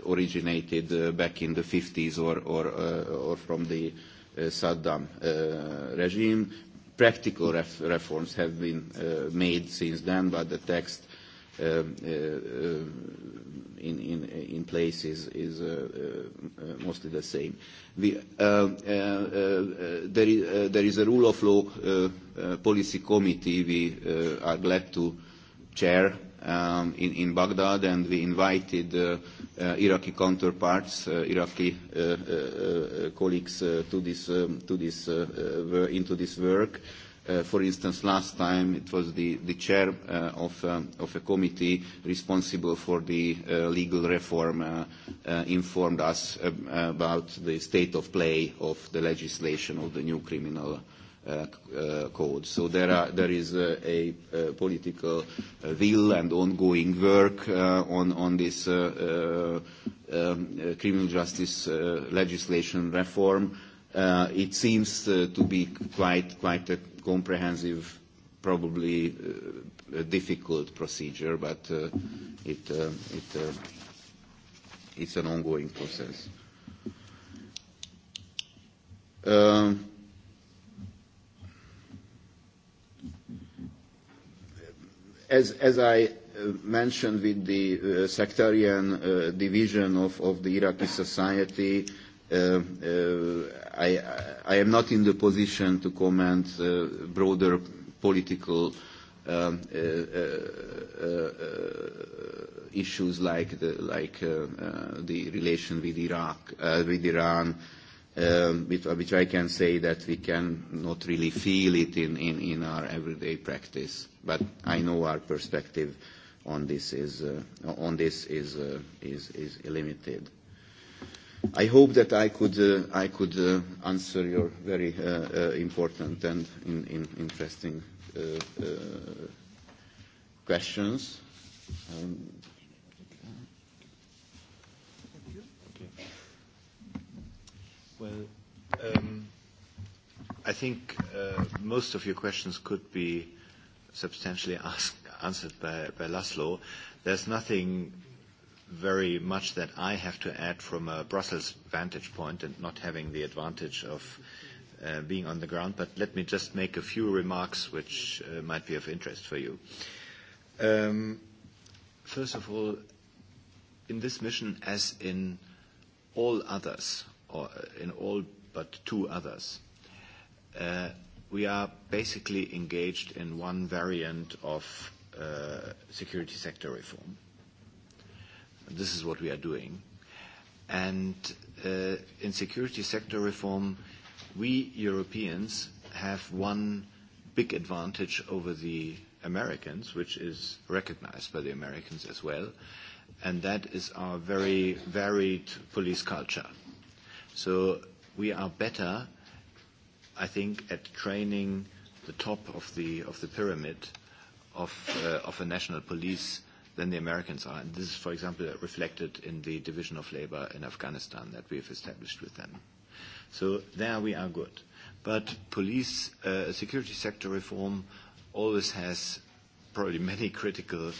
originated uh, back in the 50s or, or, uh, or from the Saddam uh, regime practical ref reforms have been uh, made since then, but the text in, in, in place is, uh, uh, mostly the same. The, uh, uh, there, is, uh, there is a rule of law uh, policy committee we uh, are glad to chair um, in, in Baghdad, and we invited uh, uh, Iraqi counterparts, uh, Iraqi uh, uh, colleagues uh, to this, um, to this, uh, uh, into this work. Uh, for instance, last time it was the, the chair uh, of, um, of a committee responsible for the uh, legal reform uh, uh, informed us ab- about the state of play of the legislation of the new criminal uh, uh, code. So there, are, there is a, a political will and ongoing work uh, on, on this uh, uh, um, criminal justice uh, legislation reform. Uh, it seems uh, to be quite, quite a comprehensive, probably uh, a difficult procedure, but uh, it, uh, it, uh, it's an ongoing process. Um, As I mentioned with the sectarian division of the Iraqi society, I am not in the position to comment broader political issues like the like uh uh the relation with Iraq, uh with Iran, which I can say that we can not really feel it in in in our everyday practice. But I know our perspective on this is uh on this is uh is is limited. I hope that I could uh I could uh answer your very uh uh important and in in interesting uh questions. Well, um, I think uh, most of your questions could be substantially ask answered by, by Laszlo. There's nothing very much that I have to add from a Brussels vantage point and not having the advantage of uh, being on the ground, but let me just make a few remarks which uh, might be of interest for you. Um, first of all, in this mission, as in all others, in all but two others. We are basically engaged in one variant of security sector reform. This is what we are doing. And in security sector reform, we Europeans have one big advantage over the Americans, which is recognized by the Americans as well, and that is our very varied police culture So we are better, I think, at training the top of the of the pyramid of a national police than the Americans are. And this is, for example, reflected in the division of labor in Afghanistan that we have established with them. So there we are good. But police uh, security sector reform always has probably many critical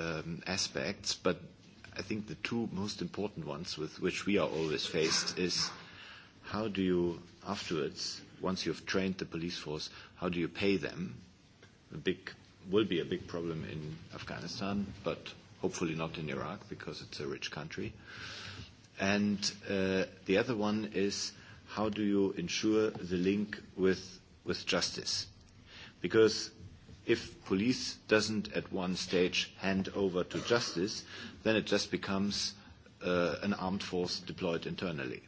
um, aspects, but I think the two most important ones with which we are always faced is how do you afterwards, once you've trained the police force, how do you pay them? A big will be a big problem in Afghanistan, but hopefully not in Iraq because it's a rich country. And uh, the other one is how do you ensure the link with with justice? Because if police doesn't at one stage hand over to justice, then it just becomes uh, an armed force deployed internally.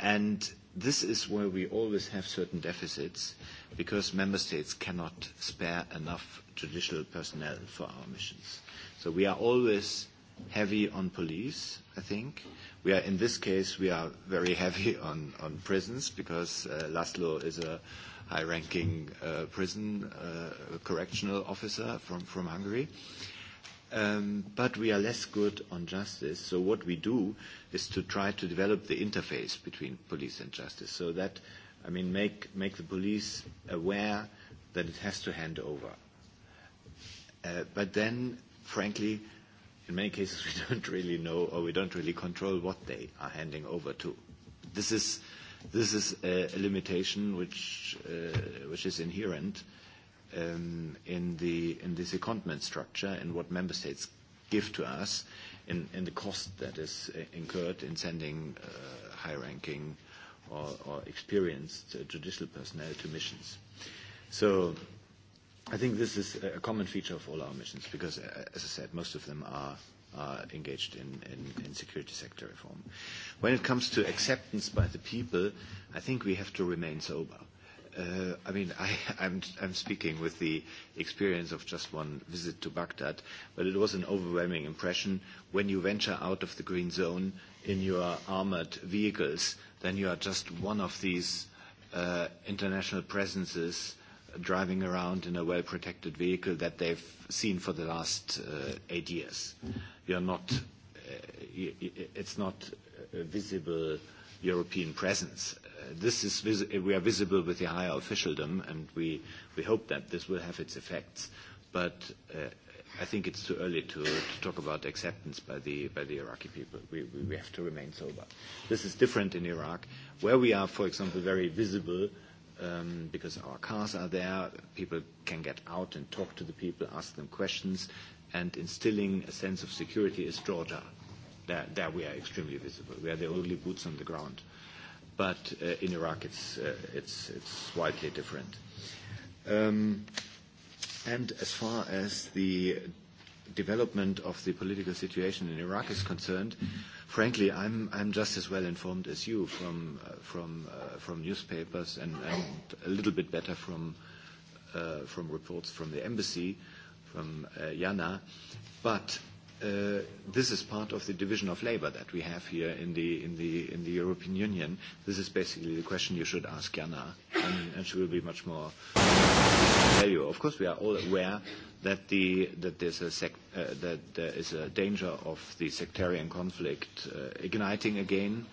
And this is where we always have certain deficits because member states cannot spare enough judicial personnel for our missions. So we are always heavy on police, I think. We are, in this case, we are very heavy on, on prisons because uh, Laszlo is a high-ranking uh, prison uh, correctional officer from, from Hungary. Um, but we are less good on justice. So what we do is to try to develop the interface between police and justice, so that I mean make make the police aware that it has to hand over. Uh, but then, frankly, in many cases we don't really know or we don't really control what they are handing over to. This is This is a limitation which uh which is inherent um in the in secondment structure and what member states give to us in in the cost that is incurred in sending uh high-ranking or or experienced uh judicial personnel to missions. So I think this is a common feature of all our missions because, as I said, most of them are are engaged in, in, in security sector reform. When it comes to acceptance by the people, I think we have to remain sober. Uh, I mean, I, I'm, I'm speaking with the experience of just one visit to Baghdad, but it was an overwhelming impression. When you venture out of the green zone in your armored vehicles, then you are just one of these uh, international presences driving around in a well-protected vehicle that they've seen for the last uh, eight years. You're not, uh, it's not a visible European presence. Uh, this is vis- we are visible with the higher officialdom, and we, we hope that this will have its effects. But uh, I think it's too early to, to talk about acceptance by the, by the Iraqi people. We, we, we have to remain sober. This is different in Iraq, where we are, for example, very visible – um, because our cars are there. People can get out and talk to the people, ask them questions, and instilling a sense of security is Georgia. There, there we are extremely visible. We are the only boots on the ground. But uh, in Iraq, it's, uh, it's, it's widely different. Um, and as far as the development of the political situation in Iraq is concerned, mm-hmm frankly, I'm I'm just as well informed as you from uh, from uh, from newspapers and, and a little bit better from uh, from reports from the embassy, from uh, Jana, but. Uh, this is part of the division of labor that we have here in the, in, the, in the European Union. This is basically the question you should ask Jana, and, and she will be much more value. to tell you. Of course, we are all aware that, the, that, there's a sec, uh, that there is a danger of the sectarian conflict uh, igniting again.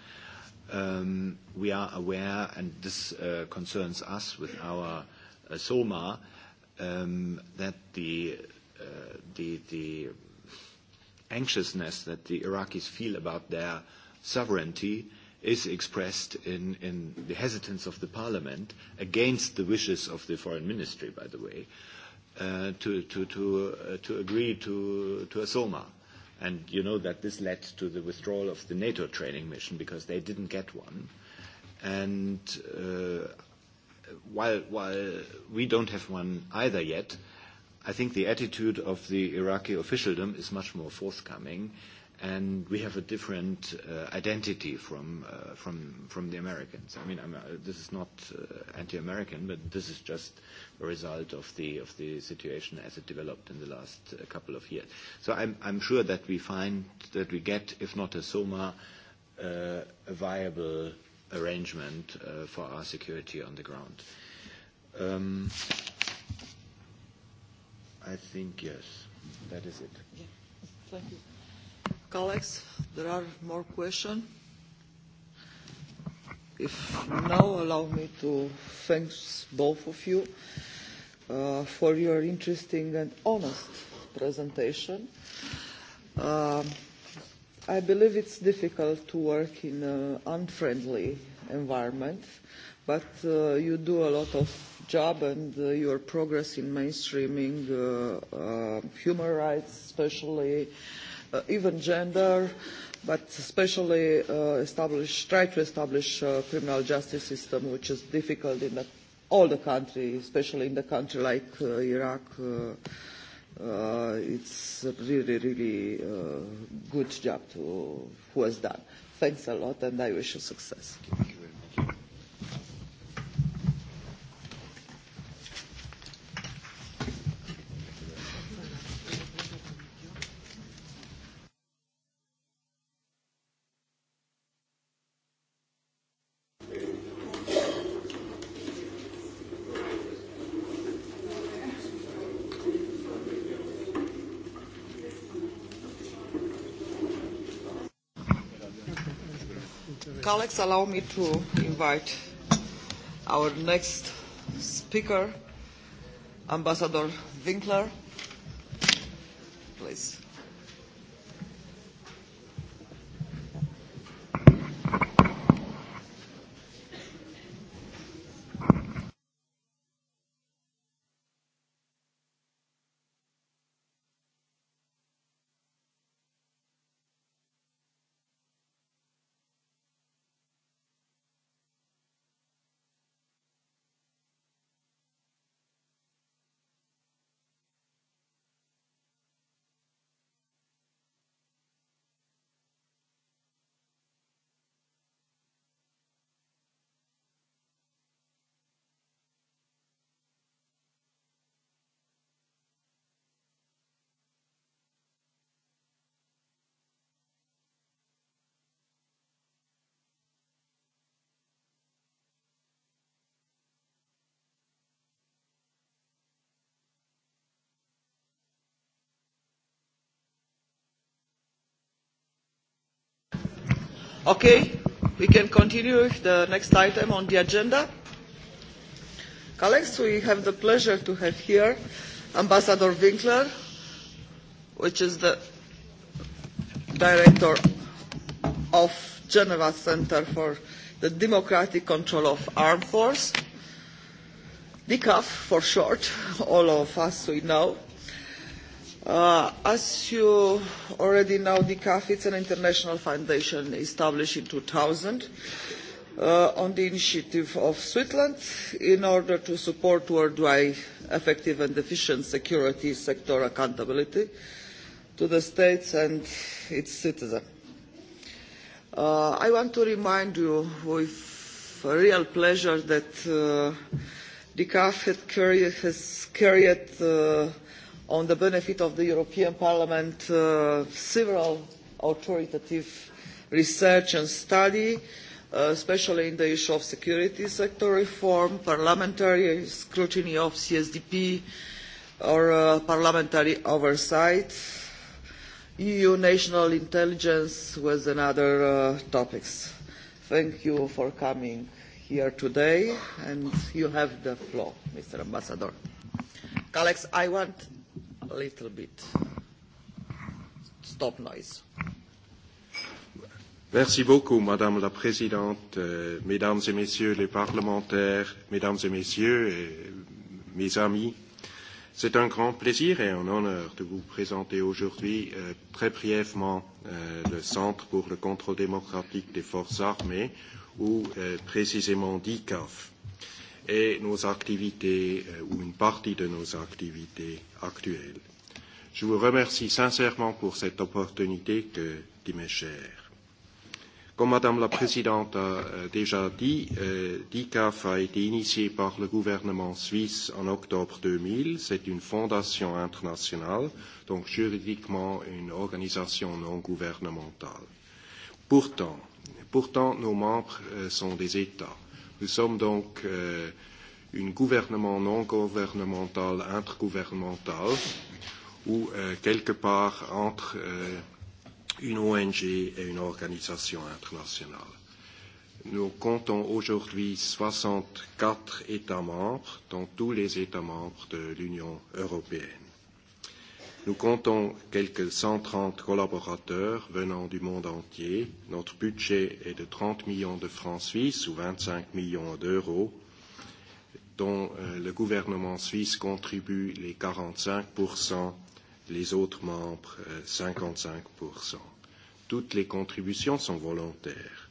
Um, we are aware, and this uh, concerns us with our uh, SOMA, um, that the, uh, the, the anxiousness that the Iraqis feel about their sovereignty is expressed in, in the hesitance of the parliament against the wishes of the foreign ministry, by the way. Uh, uh, to, to, to, uh, to agree to, to a SOMA. And you know that this led to the withdrawal of the NATO training mission because they didn't get one. And uh, while, while we don't have one either yet, I think the attitude of the Iraqi officialdom is much more forthcoming. Uh, and we have a different uh, identity from uh, from from the Americans. I mean, I'm, uh, this is not uh, anti-American, but this is just a result of the of the situation as it developed in the last uh, couple of years. So I'm I'm sure that we find that we get, if not a SOMA, uh, a viable arrangement uh, for our security on the ground. Um, I think yes, that is it. Yeah. Thank you. Colleagues, there are more questions? If no, allow me to thank both of you uh, for your interesting and honest presentation. Uh, I believe it's difficult to work in an unfriendly environment, but uh, you do a lot of job and uh, your progress in mainstreaming uh, uh, human rights, especially uh, even gender, but especially uh, establish, try to establish a criminal justice system, which is difficult in the, all the country, especially in the country like uh, Iraq. Uh, uh, it's really, really uh, good job to who has done. Thanks a lot, and I wish you success. Thank you. colleagues, allow me to invite our next speaker, Ambassador Winkler. Okay, we can continue with the next item on the agenda. Colleagues, we have the pleasure to have here Ambassador Winkler, which is the director of Geneva Center for the Democratic Control of Armed Force, DCAF for short, all of us we know as you already know, the CAF is an international foundation established in two thousand on the initiative of Switzerland in order to support worldwide effective and efficient security sector accountability to the states and its citizens. I want to remind you with real pleasure that the CAF has carried on the benefit of the European Parliament, several authoritative research and study, especially in the issue of security sector reform, parliamentary scrutiny of CSDP, or parliamentary oversight. EU national intelligence was another uh, topics. Thank you for coming here today, and you have the floor, Mr. Ambassador. Alex, I want a little bit stop noise. Merci beaucoup, Madame la Présidente, euh, Mesdames et Messieurs les parlementaires, Mesdames et Messieurs, et mes amis. C'est un grand plaisir et un honneur de vous présenter aujourd'hui euh, très brièvement euh, le Centre pour le contrôle démocratique des forces armées, ou euh, précisément DICAF, et nos activités, euh, ou une partie de nos activités actuelle. Je vous remercie sincèrement pour cette opportunité que, qui m'est chère. Comme Madame la Présidente a déjà dit, euh, DICAF a été initié par le gouvernement suisse en octobre 2000. C'est une fondation internationale, donc juridiquement une organisation non gouvernementale. Pourtant, pourtant nos membres euh, sont des États. Nous sommes donc euh, une gouvernement non gouvernemental intergouvernemental ou euh, quelque part entre euh, une ONG et une organisation internationale. Nous comptons aujourd'hui 64 États membres, dont tous les États membres de l'Union européenne. Nous comptons quelques 130 collaborateurs venant du monde entier. Notre budget est de 30 millions de francs suisses ou 25 millions d'euros dont le gouvernement suisse contribue les quarante cinq, les autres membres cinquante cinq. Toutes les contributions sont volontaires.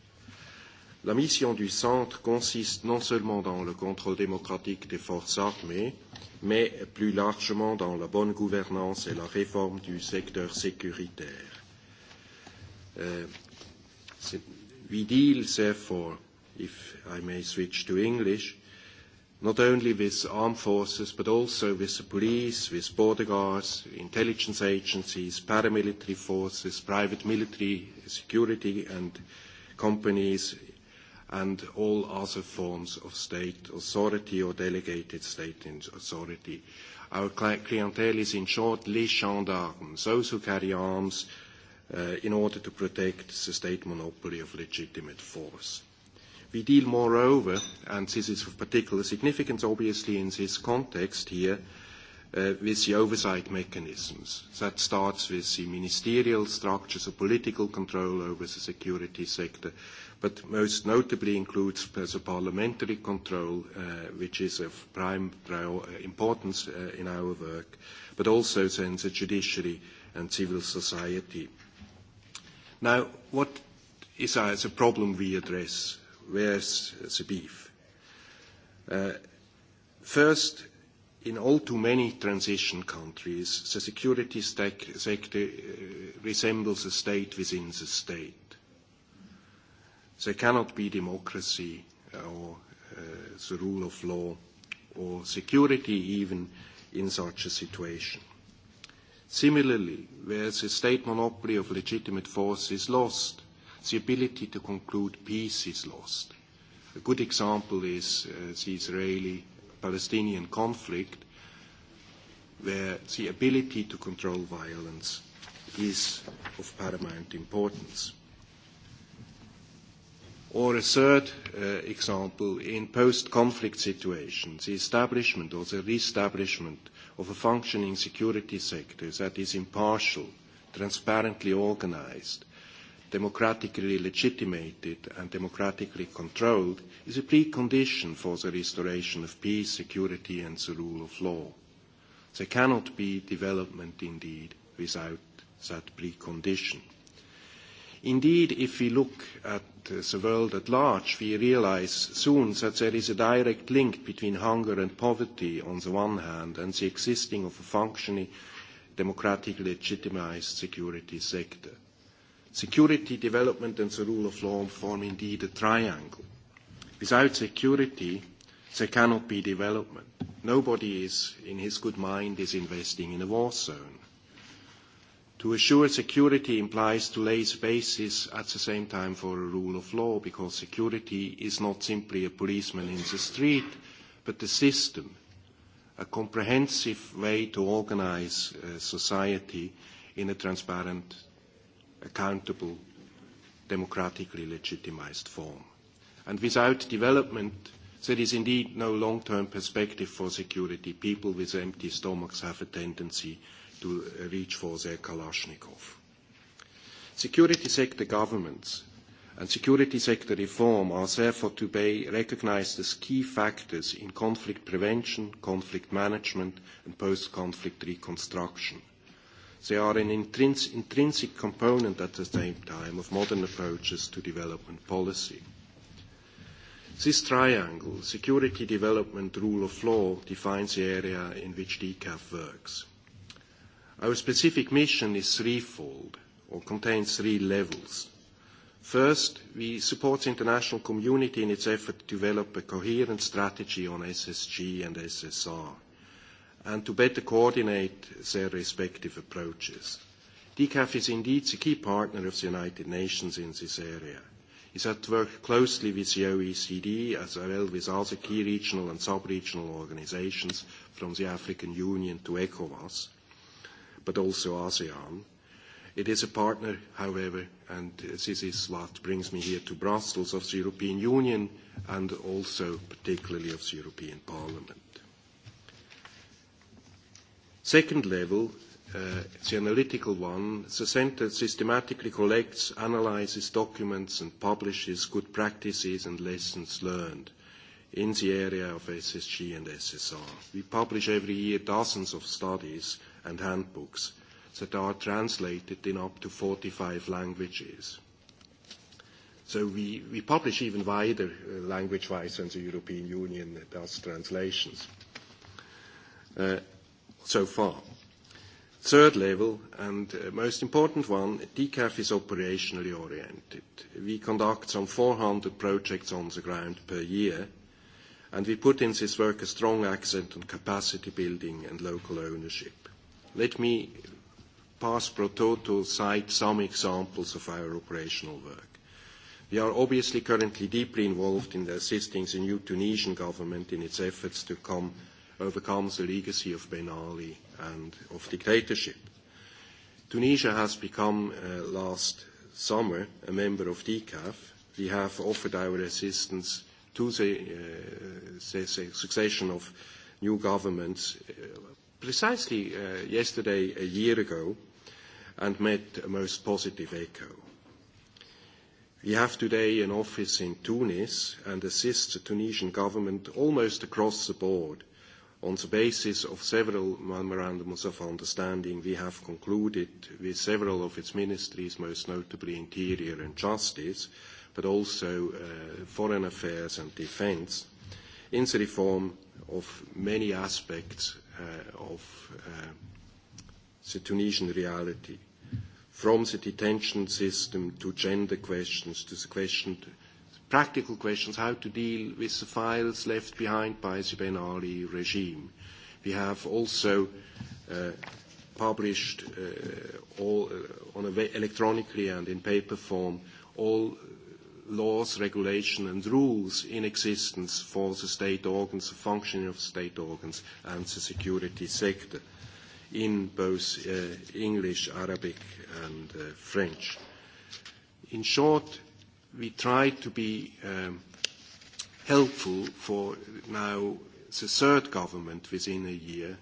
La mission du centre consiste non seulement dans le contrôle démocratique des forces armées, mais plus largement dans la bonne gouvernance et la réforme du secteur sécuritaire. we deal, therefore, if I may switch to English, not only with armed forces, but also with the police, with border guards, intelligence agencies, paramilitary forces, private military security and companies, and all other forms of state authority or delegated state authority. Our clientele is, in short, les gendarmes, those who carry arms in order to protect the state monopoly of legitimate force. We deal, moreover, and this is of particular significance, obviously, in this context here, with the oversight mechanisms. That starts with the ministerial structures of political control over the security sector, but most notably includes the parliamentary control, which is of prime importance in our work, but also then the judiciary and civil society. Now, what is the problem we address? where's the beef? First, in all too many transition countries, the security sector resembles a state within the state. There cannot be democracy or the rule of law or security even in such a situation. Similarly, where the state monopoly of legitimate force is lost, the ability to conclude peace is lost. A good example is uh, the Israeli-Palestinian conflict, where the ability to control violence is of paramount importance. Or a third uh, example, in post-conflict situations, the establishment or the re-establishment of a functioning security sector that is impartial, transparently organized, democratically legitimated and democratically controlled, is a precondition for the restoration of peace, security and the rule of law. There cannot be development indeed without that precondition. Indeed, if we look at the world at large, we realise soon that there is a direct link between hunger and poverty on the one hand and the existing of a functioning, democratically legitimised security sector. Security, development and the rule of law form indeed a triangle. Without security, there cannot be development. Nobody is, in his good mind, is investing in a war zone. To assure security implies to lay the basis at the same time for a rule of law, because security is not simply a policeman in the street, but a system, a comprehensive way to organise society in a transparent accountable, democratically legitimized form. And without development, there is indeed no long-term perspective for security. People with empty stomachs have a tendency to reach for their Kalashnikov. Security sector governments and security sector reform are therefore to be recognised as key factors in conflict prevention, conflict management and post-conflict reconstruction. They are an intrinsic component at the same time of modern approaches to development policy. This triangle, security, development, rule of law, defines the area in which DCAF works. Our specific mission is threefold, or contains three levels. First, we support the international community in its effort to develop a coherent strategy on SSG and SSR and to better coordinate their respective approaches. DCAF is indeed the key partner of the United Nations in this area. It has worked closely with the OECD as well as with other key regional and sub-regional organisations from the African Union to ECOWAS, but also ASEAN. It is a partner, however, and this is what brings me here to Brussels, of the European Union and also particularly of the European Parliament. Second level, uh, the analytical one, the center systematically collects, analyzes documents and publishes good practices and lessons learned in the area of SSG and SSR. We publish every year dozens of studies and handbooks that are translated in up to 45 languages. So we, we publish even wider language-wise than the European Union does translations. Uh, so far. Third level, and most important one, DCAF is operationally oriented. We conduct some 400 projects on the ground per year, and we put in this work a strong accent on capacity building and local ownership. Let me pass pro toto cite some examples of our operational work. We are obviously currently deeply involved in assisting the new Tunisian government in its efforts to come overcomes the legacy of Ben Ali and of dictatorship. Tunisia has become uh, last summer a member of DCAF. We have offered our assistance to the, succession of new governments precisely uh, yesterday, a year ago, and met a most positive echo. We have today an office in Tunis and assist the Tunisian government almost across the board On the basis of several memorandums of understanding, we have concluded with several of its ministries, most notably Interior and Justice, but also Foreign Affairs and Defence, in the reform of many aspects of the Tunisian reality, from the detention system to gender questions to the question practical questions, how to deal with the files left behind by the Ben Ali regime. We have also uh, published uh, all, uh, on a, electronically and in paper form all laws, regulations and rules in existence for the state organs, the functioning of state organs and the security sector in both uh, English, Arabic and uh, French. In short, we try to be um, helpful for now the third government within a year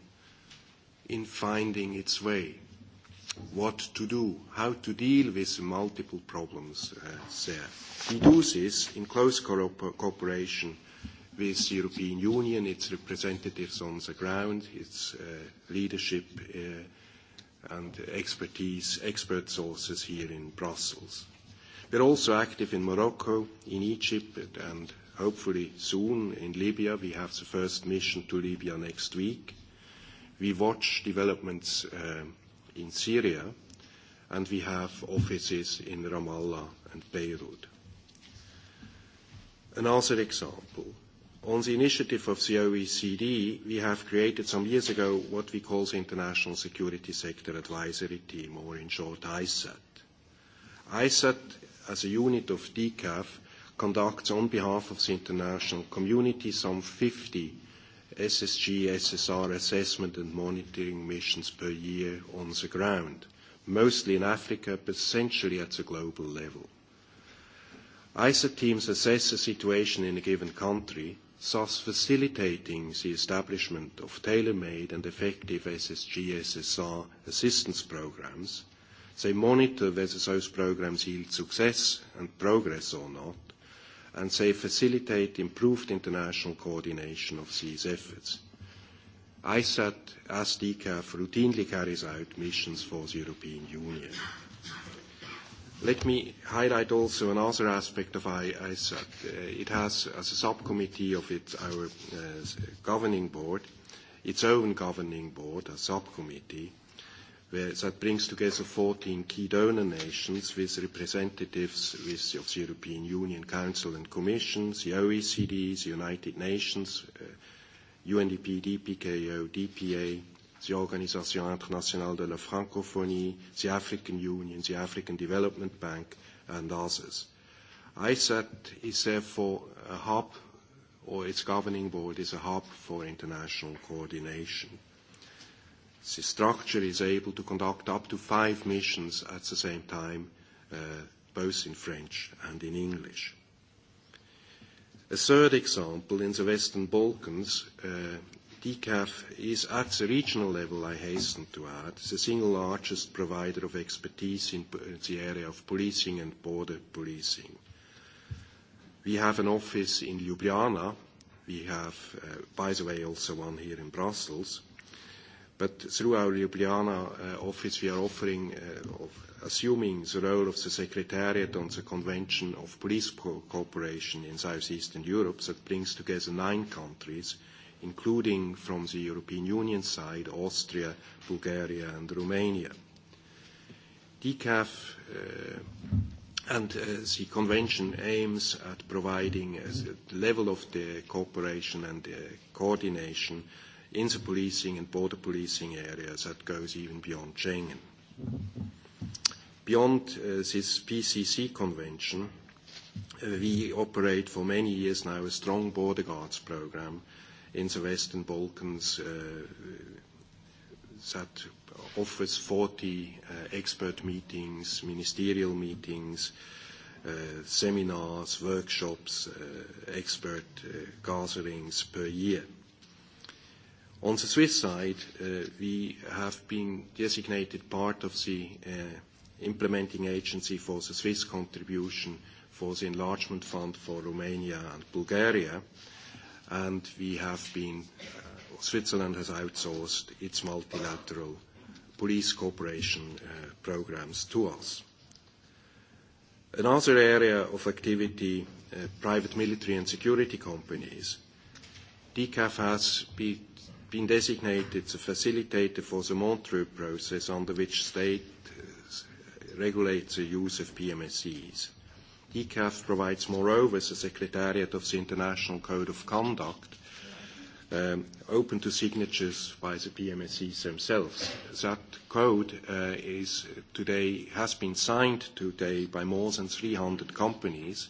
in finding its way, what to do, how to deal with the multiple problems uh, there. We do this in close cooperation with the European Union, its representatives on the ground, its uh, leadership uh, and expertise, expert sources here in Brussels. We're also active in Morocco, in Egypt, and hopefully soon in Libya. We have the first mission to Libya next week. We watch developments in Syria, and we have offices in Ramallah and Beirut. Another example. On the initiative of the OECD, we have created some years ago what we call the International Security Sector Advisory Team, or in short, ISAT. ISAT as a unit of DCAF, conducts on behalf of the international community some 50 SSG, SSR assessment and monitoring missions per year on the ground, mostly in Africa, but essentially at the global level. ISA teams assess the situation in a given country, thus facilitating the establishment of tailor-made and effective SSG, SSR assistance programs – They monitor whether those programs yield success and progress or not, and they facilitate improved international coordination of these efforts. ISAT, as DCAF, routinely carries out missions for the European Union. Let me highlight also another aspect of ISAT. It has, as a subcommittee of its, our governing board, its own governing board, a subcommittee, where that brings together 14 key donor nations with representatives with, of the European Union Council and Commission, the OECD, the United Nations, uh, UNDP, DPKO, DPA, the Organisation Internationale de la Francophonie, the African Union, the African Development Bank, and others. ISAT is therefore a hub, or its governing board is a hub for international coordination the structure is able to conduct up to five missions at the same time, uh, both in French and in English. A third example in the Western Balkans, uh, DCAF is at the regional level, I hasten to add, the single largest provider of expertise in the area of policing and border policing. We have an office in Ljubljana. We have, uh, by the way, also one here in Brussels. But through our Ljubljana office, we are offering, assuming the role of the Secretariat on the Convention of Police Cooperation in Southeastern Europe that brings together nine countries, including from the European Union side, Austria, Bulgaria, and Romania. DCAF and the convention aims at providing a level of the cooperation and coordination in the policing and border policing areas that goes even beyond Schengen. Beyond this PCC convention, we operate for many years now a strong border guards program in the Western Balkans that offers 40 expert meetings, ministerial meetings, seminars, workshops, expert gatherings per year. On the Swiss side, we have been designated part of the implementing agency for the Swiss contribution for the enlargement fund for Romania and Bulgaria, and we have been Switzerland has outsourced its multilateral police cooperation programs to us. Another area of activity, private military and security companies. DCAF has been designated the facilitator for the Montreux process under which state regulates the use of PMSEs. ECAF provides moreover the Secretariat of the International Code of Conduct um, open to signatures by the PMSEs themselves. That code uh, is today, has been signed today by more than 300 companies,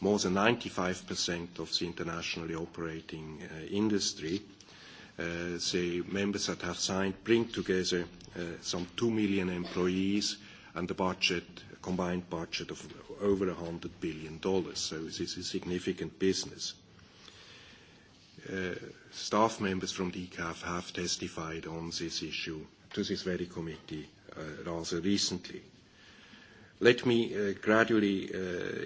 more than 95% of the internationally operating uh, industry the members that have signed bring together some 2 million employees and a budget, a combined budget of over $100 billion. So this is a significant business. Staff members from DCAF have testified on this issue to this very committee rather recently. Let me gradually,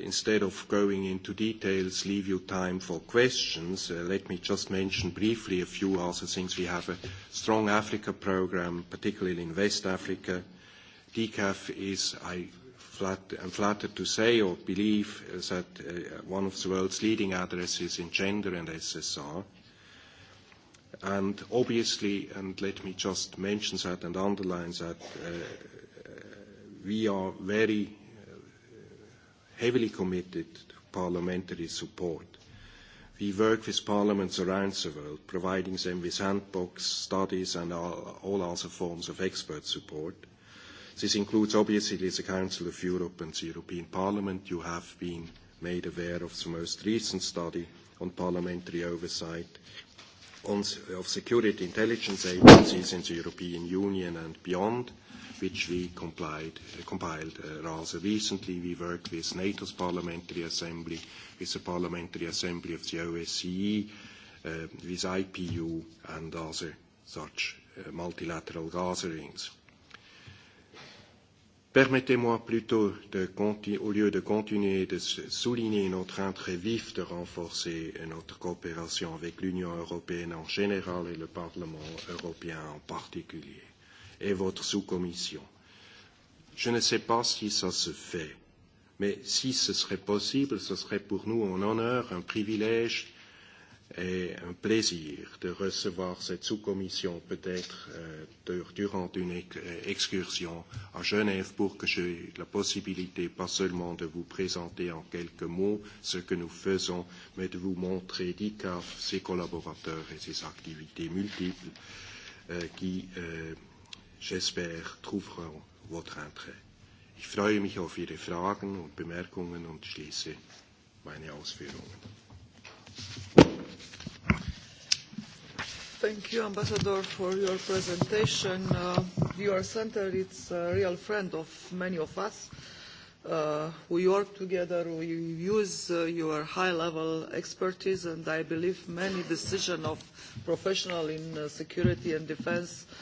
instead of going into details, leave you time for questions. Let me just mention briefly a few also things. We have a strong Africa program, particularly in West Africa. DCAF is, I I'm flattered to say or believe, that one of the world's leading addresses in gender and SSR. And obviously, and let me just mention that and underline that, we are very heavily committed to parliamentary support. We work with parliaments around the world, providing them with handbooks, studies, and all other forms of expert support. This includes, obviously, the Council of Europe and the European Parliament. You have been made aware of the most recent study on parliamentary oversight of security intelligence agencies in the European Union and beyond which we complied, uh, compiled uh, rather recently. We worked with NATO's Parliamentary Assembly, with the Parliamentary Assembly of the OSCE, uh, with IPU and other such uh, multilateral gatherings. Permettez-moi plutôt, de, au lieu de continuer de souligner notre intérêt vif de renforcer notre coopération avec l'Union européenne en général et le Parlement européen en particulier et votre sous-commission. Je ne sais pas si ça se fait, mais si ce serait possible, ce serait pour nous un honneur, un privilège et un plaisir de recevoir cette sous-commission peut-être euh, durant une excursion à Genève pour que j'ai la possibilité pas seulement de vous présenter en quelques mots ce que nous faisons, mais de vous montrer DICAF, ses collaborateurs et ses activités multiples euh, qui euh, j'espère, trouveront votre Entrée. Ich freue mich auf Ihre Fragen und Bemerkungen und schließe meine Ausführungen. Thank you, Ambassador, for your presentation. Uh, your center is a real friend of many of us. Uh, we work together, we use uh, your high-level expertise, and I believe many decisions of professionals in uh, security and defense uh,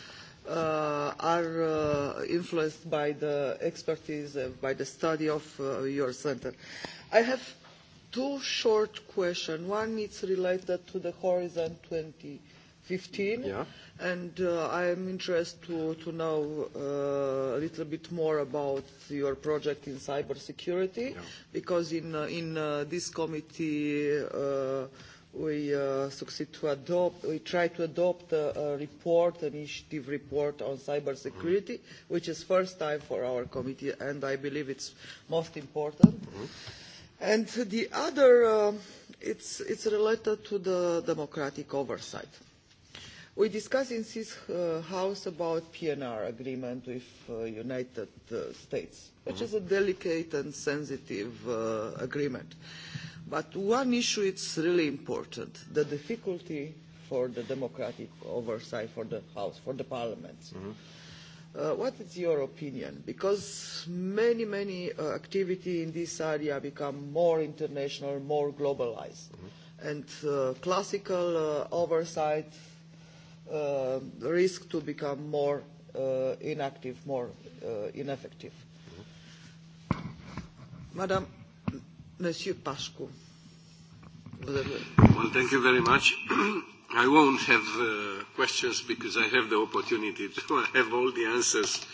uh, are uh, influenced by the expertise, uh, by the study of uh, your center. I have two short questions. One is related to the Horizon 2015. Yeah. And uh, I am interested to, to know uh, a little bit more about your project in cybersecurity, yeah. because in, uh, in uh, this committee, uh, we uh, succeed to adopt, we try to adopt a, a report, an initiative report on cybersecurity, which is first time for our committee, and I believe it's most important. And the other, uh, it's, it's related to the democratic oversight We discussed in this uh, House about PNR agreement with uh, United uh, States, which is a delicate and sensitive uh, agreement. But one issue is really important, the difficulty for the democratic oversight for the House, for the Parliament. Mm-hmm. Uh, what is your opinion? Because many, many uh, activity in this area become more international, more globalized. Mm-hmm. And uh, classical uh, oversight uh, risk to become more uh, inactive, more uh, ineffective. Madam, Monsieur Pascu. Well, thank you very much. I won't have uh, questions because I have the opportunity to have all the answers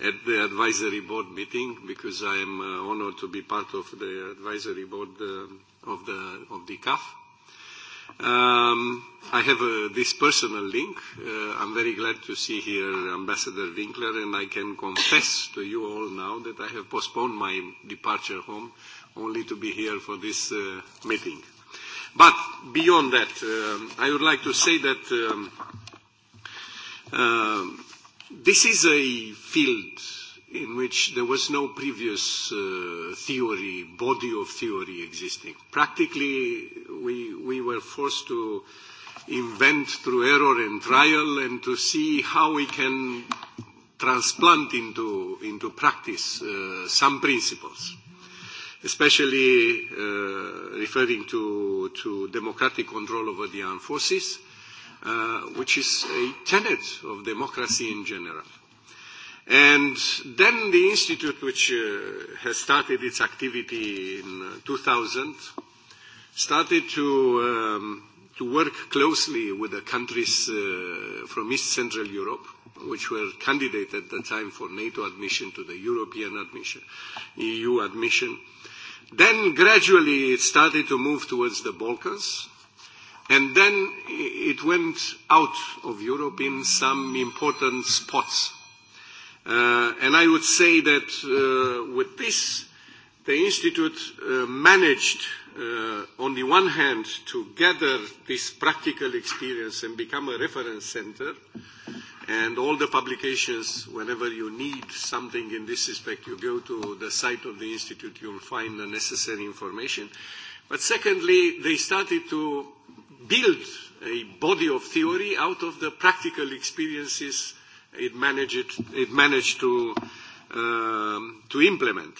at the advisory board meeting because I am uh, honored to be part of the advisory board uh, of the of the CAF. Um, I have uh, this personal link. Uh, I'm very glad to see here Ambassador Winkler, and I can confess to you all now that I have postponed my departure home only to be here for this uh, meeting. But beyond that, um, I would like to say that um, uh, this is a field in which there was no previous uh, theory, body of theory existing. Practically, we, we were forced to invent through error and trial and to see how we can transplant into, into practice uh, some principles, especially uh, referring to, to democratic control over the armed forces, uh, which is a tenet of democracy in general And then the institute, which uh, has started its activity in 2000, started to, um, to work closely with the countries uh, from East Central Europe, which were candidate at the time for NATO admission to the European admission, EU admission. Then gradually it started to move towards the Balkans, and then it went out of Europe in some important spots and I would say that uh, with this, the Institute uh, managed, uh, on the one hand, to gather this practical experience and become a reference center, and all the publications, whenever you need something in this respect, you go to the site of the Institute, you'll find the necessary information. But secondly, they started to build a body of theory out of the practical experiences it managed, it managed to, um, to implement.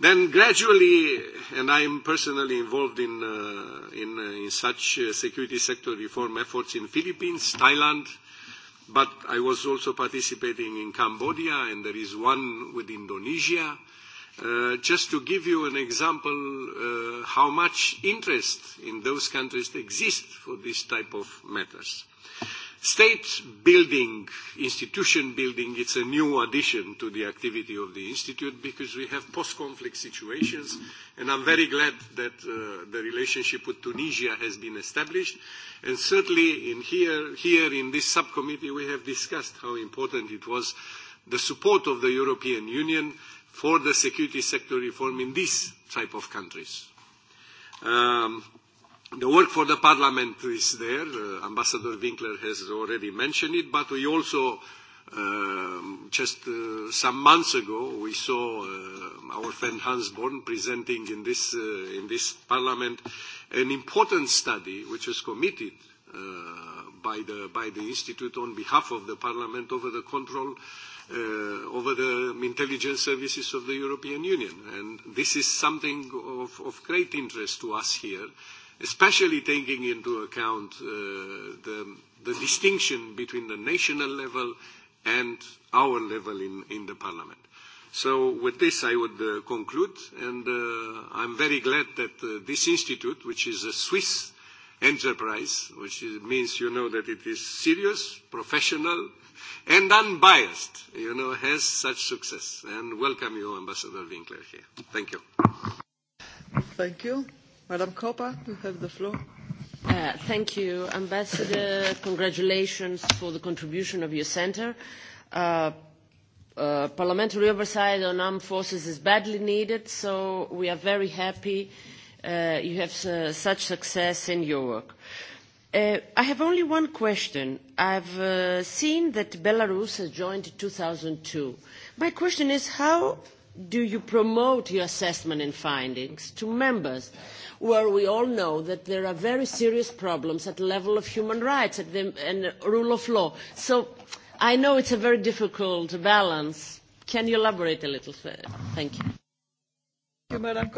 Then gradually, and I am personally involved in, uh, in, uh, in such uh, security sector reform efforts in Philippines, Thailand, but I was also participating in Cambodia, and there is one with Indonesia. Uh, just to give you an example uh, how much interest in those countries exists for this type of matters. State building, institution building, it's a new addition to the activity of the Institute because we have post-conflict situations and I'm very glad that uh, the relationship with Tunisia has been established and certainly in here, here in this subcommittee we have discussed how important it was the support of the European Union for the security sector reform in these type of countries. Um, The work for the Parliament is there. Uh, Ambassador Winkler has already mentioned it, but we also, um, just uh, some months ago, we saw uh, our friend Hans Born presenting in this, uh, in this Parliament an important study which was committed uh, by, the, by the Institute on behalf of the Parliament over the control uh, over the intelligence services of the European Union. And this is something of, of great interest to us here especially taking into account uh, the, the distinction between the national level and our level in, in the parliament. So with this I would uh, conclude and uh, I'm very glad that uh, this institute, which is a Swiss enterprise, which is, means you know that it is serious, professional and unbiased, you know, has such success. And welcome you, Ambassador Winkler here. Thank you. Thank you. Madam Kopa, you have the floor. Thank you, Ambassador. Congratulations for the contribution of your centre. Parliamentary oversight on armed forces is badly needed, so we are very happy you have such success in your work. I have only one question. I've seen that Belarus has joined in two thousand two. My question is, how do you promote your assessment and findings to members where we all know that there are very serious problems at the level of human rights and the rule of law? So I know it's a very difficult balance. Can you elaborate a little further? Thank you. Madam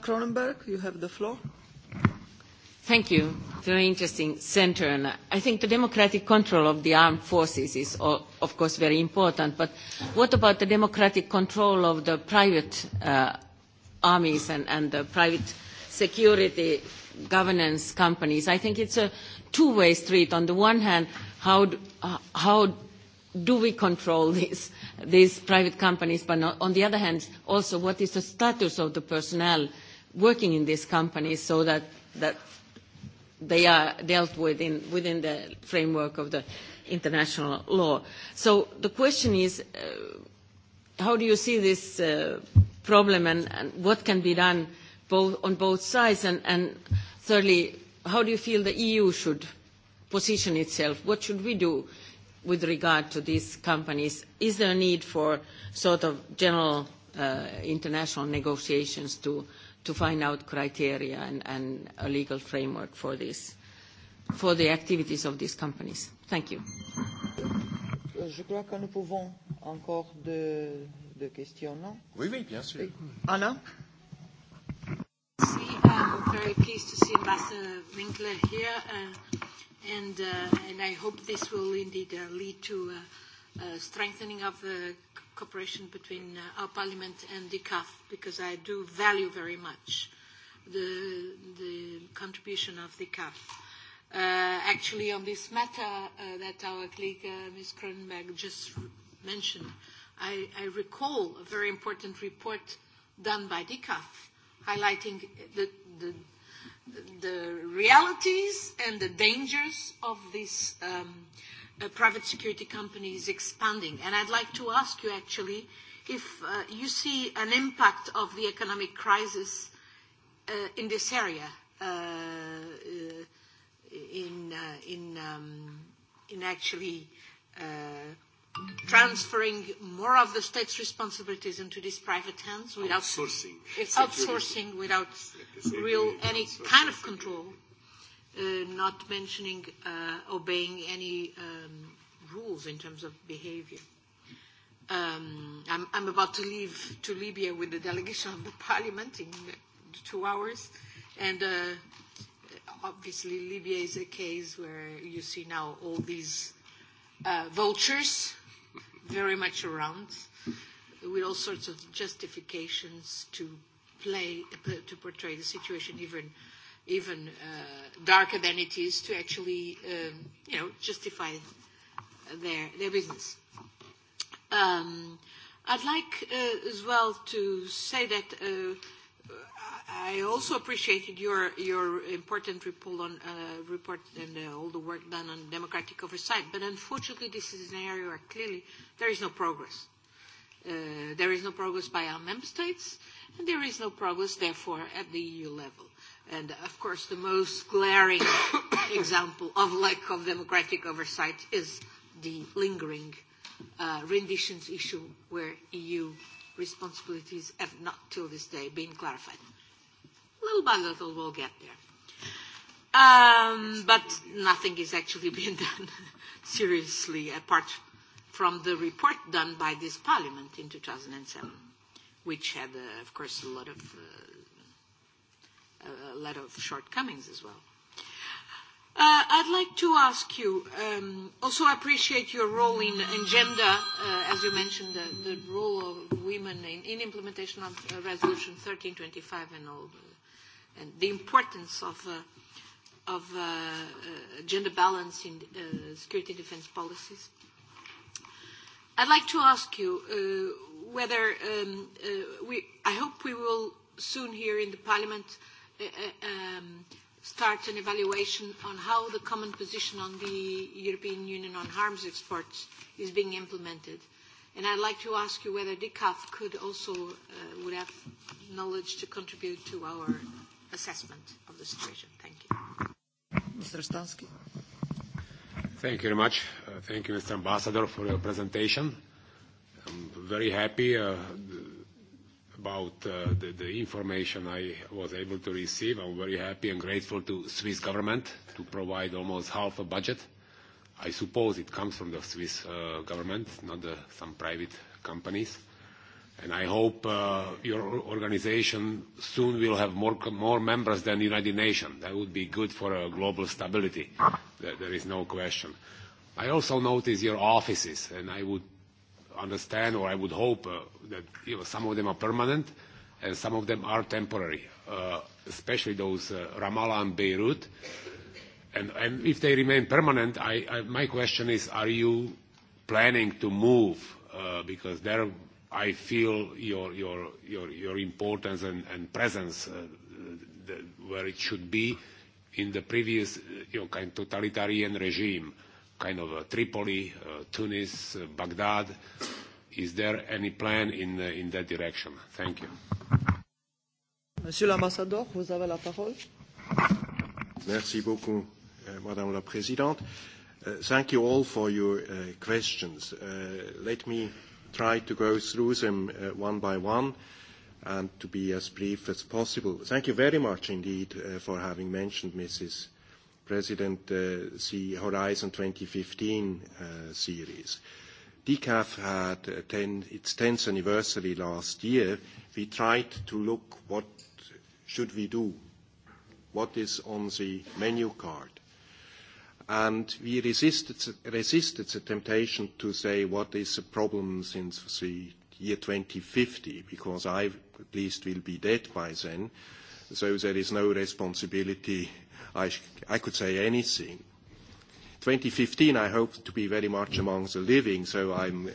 Cronenberg, you have the floor. Thank you. Very interesting center. And I think the democratic control of the armed forces is, of course, very important. But what about the democratic control of the private uh, armies and, and the private security governance companies? I think it's a two-way street. On the one hand, how, do uh, how do we control these, these private companies? But on the other hand, also, what is the status of the personnel working in these companies so that, that they are dealt with in, within the framework of the international law. So the question is, uh, how do you see this uh, problem and, and what can be done both, on both sides? And, and thirdly, how do you feel the EU should position itself? What should we do with regard to these companies? Is there a need for sort of general uh, international negotiations to uh, to find out criteria and, and a legal framework for this, for the activities of these companies. Thank you. Je crois que nous pouvons encore deux, deux questions, non Oui, oui, bien sûr. Anna Merci. I'm very pleased to see Ambassador Winkler here, uh, and, uh, and I hope this will indeed uh, lead to uh, uh, strengthening of the cooperation between uh, our parliament and the CAF because I do value very much the, the contribution of the CAF. Uh, actually, on this matter uh, that our colleague uh, Ms. Kronenberg just mentioned, I, I recall a very important report done by the CAF highlighting the, the, the realities and the dangers of this um, private security company is expanding. And I'd like to ask you actually if uh, you see an impact of the economic crisis uh, in this area, uh, in, uh, in, um, in actually uh, transferring more of the state's responsibilities into these private hands without outsourcing, outsourcing without real any kind of control. Security not mentioning uh, obeying any um, rules in terms of behavior. Um, I'm, I'm about to leave to Libya with the delegation of the parliament in two hours, and uh, obviously Libya is a case where you see now all these uh, vultures very much around with all sorts of justifications to play to portray the situation even even uh, darker than it is to actually, um, you know, justify their their business. Um, I'd like uh, as well to say that. Uh, I also appreciated your your important report on uh, report and uh, all the work done on democratic oversight. But unfortunately, this is an area where clearly there is no progress. Uh, there is no progress by our member states, and there is no progress, therefore, at the EU level. And of course, the most glaring example of lack of democratic oversight is the lingering uh, renditions issue, where EU responsibilities have not till this day been clarified. Little by little, we'll get there. Um, but nothing is actually being done seriously apart from the report done by this parliament in 2007, which had, uh, of course, a lot of uh, a lot of shortcomings as well. Uh, I'd like to ask you, um, also appreciate your role in, in gender, uh, as you mentioned, the, the role of women in, in implementation of uh, Resolution 1325 and all, uh, and the importance of, uh, of uh, uh, gender balance in uh, security and defense policies. I'd like to ask you uh, whether um, uh, we, I hope we will soon hear in the Parliament uh, um, start an evaluation on how the common position on the European Union on arms exports is being implemented. And I'd like to ask you whether DICAF could also, uh, would have knowledge to contribute to our assessment of the situation. Thank you. Mr. Stansky. Thank you very much. Uh, thank you, Mr. Ambassador, for your presentation. I'm very happy uh, about uh the the information I was able to receive. I'm very happy and grateful to Swiss government to provide almost half a budget. I suppose it comes from the Swiss uh government, not the some private companies. And I hope uh your organization soon will have more more members than the United Nations. That would be good for uh global stability. There there is no question. I also notice your offices, and I would understand, or I would hope, uh, that you know, some of them are permanent and some of them are temporary, uh, especially those uh, Ramallah and Beirut. And, and if they remain permanent, I, I, my question is, are you planning to move? Uh, because there I feel your, your, your, your importance and, and presence uh, the, where it should be in the previous you know, kind of totalitarian regime. Uh, kind of Tripoli, uh Tunis, Baghdad. Is there any plan in that direction? Thank you. Monsieur l'ambassadeur, vous avez la parole. Merci beaucoup, Madame la Présidente. Thank you all for your questions. Let me try to go through them one by one and to be as brief as possible. Thank you very much indeed for having mentioned Mrs. President, the Horizon 2015 series. DCAF had its 10th anniversary last year. We tried to look what should we do, what is on the menu card. And we resisted the temptation to say what is the problem since the year 2050, because I at least will be dead by then, so there is no responsibility I, I could say anything. 2015, I hope to be very much among the living, so I'm uh,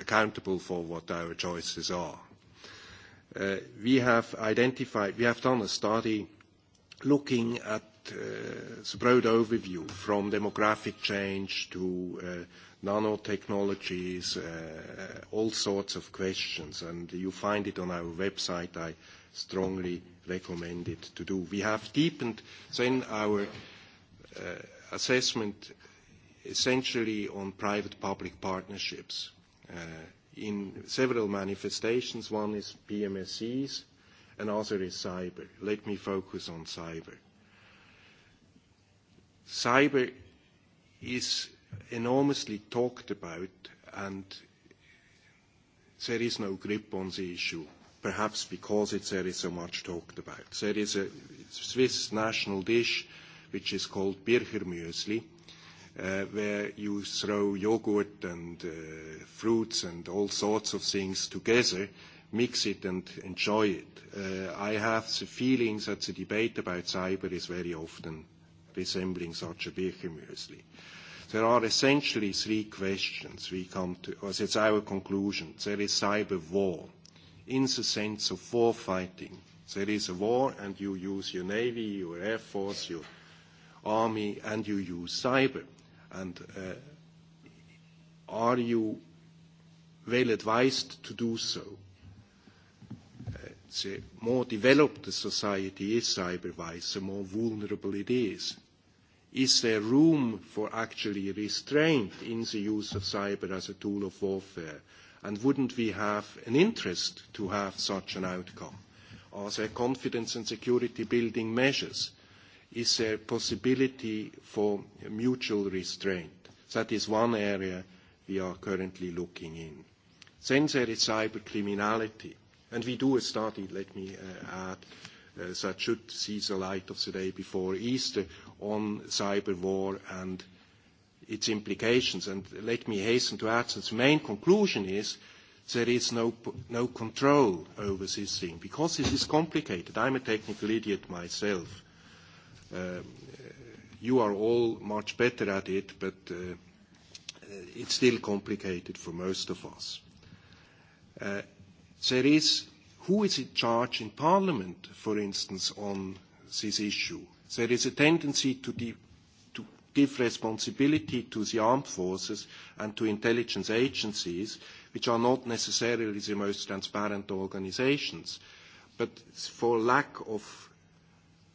accountable for what our choices are. Uh, we have identified, we have done a study looking at uh, the broad overview from demographic change to uh, nanotechnologies, uh, all sorts of questions, and you find it on our website. I strongly recommended to do. We have deepened then our assessment essentially on private-public partnerships in several manifestations. One is PMSCs, another is cyber. Let me focus on cyber. Cyber is enormously talked about, and there is no grip on the issue perhaps because it's very so much talked about. There is a Swiss national dish which is called Birchermüsli, uh, where you throw yogurt and uh, fruits and all sorts of things together, mix it and enjoy it. Uh, I have the feeling that the debate about cyber is very often resembling such a Birchermüsli. There are essentially three questions we come to, as it's our conclusion. There is cyber war in the sense of war fighting. There is a war and you use your navy, your air force, your army, and you use cyber. And uh, are you well advised to do so? The more developed the society is cyber-wise, the more vulnerable it is. Is there room for actually restraint in the use of cyber as a tool of warfare? And wouldn't we have an interest to have such an outcome? Are there confidence and security building measures? Is there possibility for mutual restraint? That is one area we are currently looking in. Then there is cybercriminality, and we do a study, let me add, that should see the light of the day before Easter on cyber war and its implications. And let me hasten to add that the main conclusion is there is no, no control over this thing because this is complicated. I'm a technical idiot myself. Um, you are all much better at it, but uh, it's still complicated for most of us. Uh, there is who is in charge in Parliament, for instance, on this issue. There is a tendency to, de- give responsibility to the armed forces and to intelligence agencies, which are not necessarily the most transparent organisations. But for lack of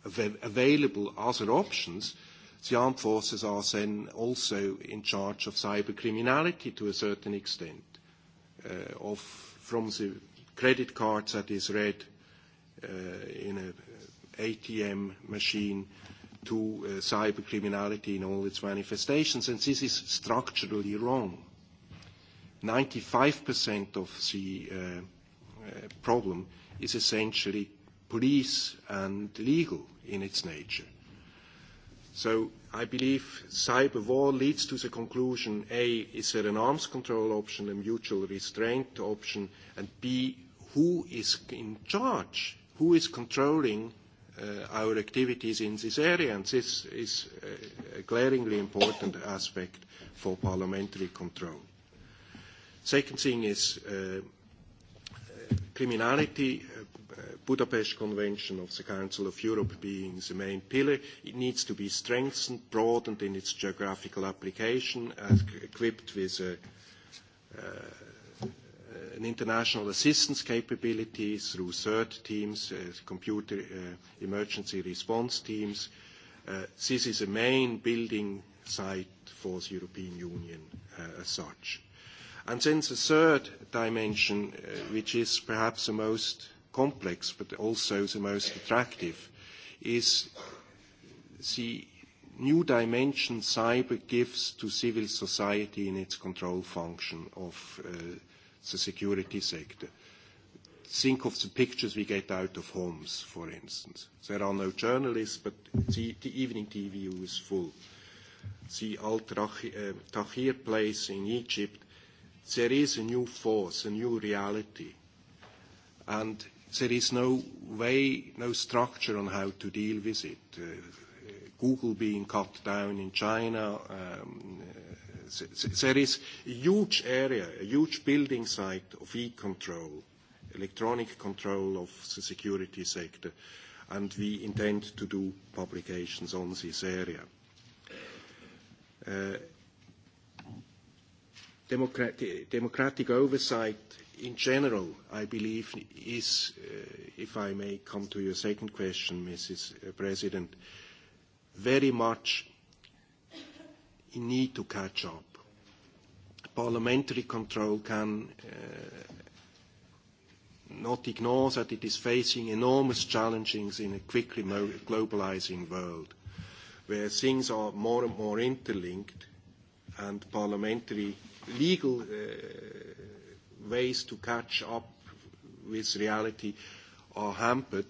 available other options, the armed forces are then also in charge of cyber criminality to a certain extent, of, from the credit cards that is read in an ATM machine to uh, cybercriminality in all its manifestations, and this is structurally wrong. 95% of the uh, uh, problem is essentially police and legal in its nature. So I believe cyber war leads to the conclusion, A, is there an arms control option, a mutual restraint option, and B, who is in charge? Who is controlling uh our activities in this area, and this is a glaringly important aspect for parliamentary control. Second thing is criminality. uh Budapest Convention of the Council of Europe being the main pillar, it needs to be strengthened, broadened in its geographical application, equipped with a an international assistance capability through third teams, computer emergency response teams. this is a main building site for the European Union as such. And then the third dimension, which is perhaps the most complex but also the most attractive, is the new dimension cyber gives to civil society in its control function of the security sector. Think of the pictures we get out of homes, for instance. There are no journalists, but the, the evening TV is full. The Al-Tahrir place in Egypt, there is a new force, a new reality. And there is no way, no structure on how to deal with it. Google being cut down in China, um, there is a huge area, a huge building site of e-control, electronic control of the security sector, and we intend to do publications on this area. Democratic oversight in general, I believe, is, if I may come to your second question, Mrs. President, very much need to catch up. Parliamentary control can not ignore that it is facing enormous challenges in a quickly globalizing world, where things are more and more interlinked, and parliamentary legal ways to catch up with reality are hampered,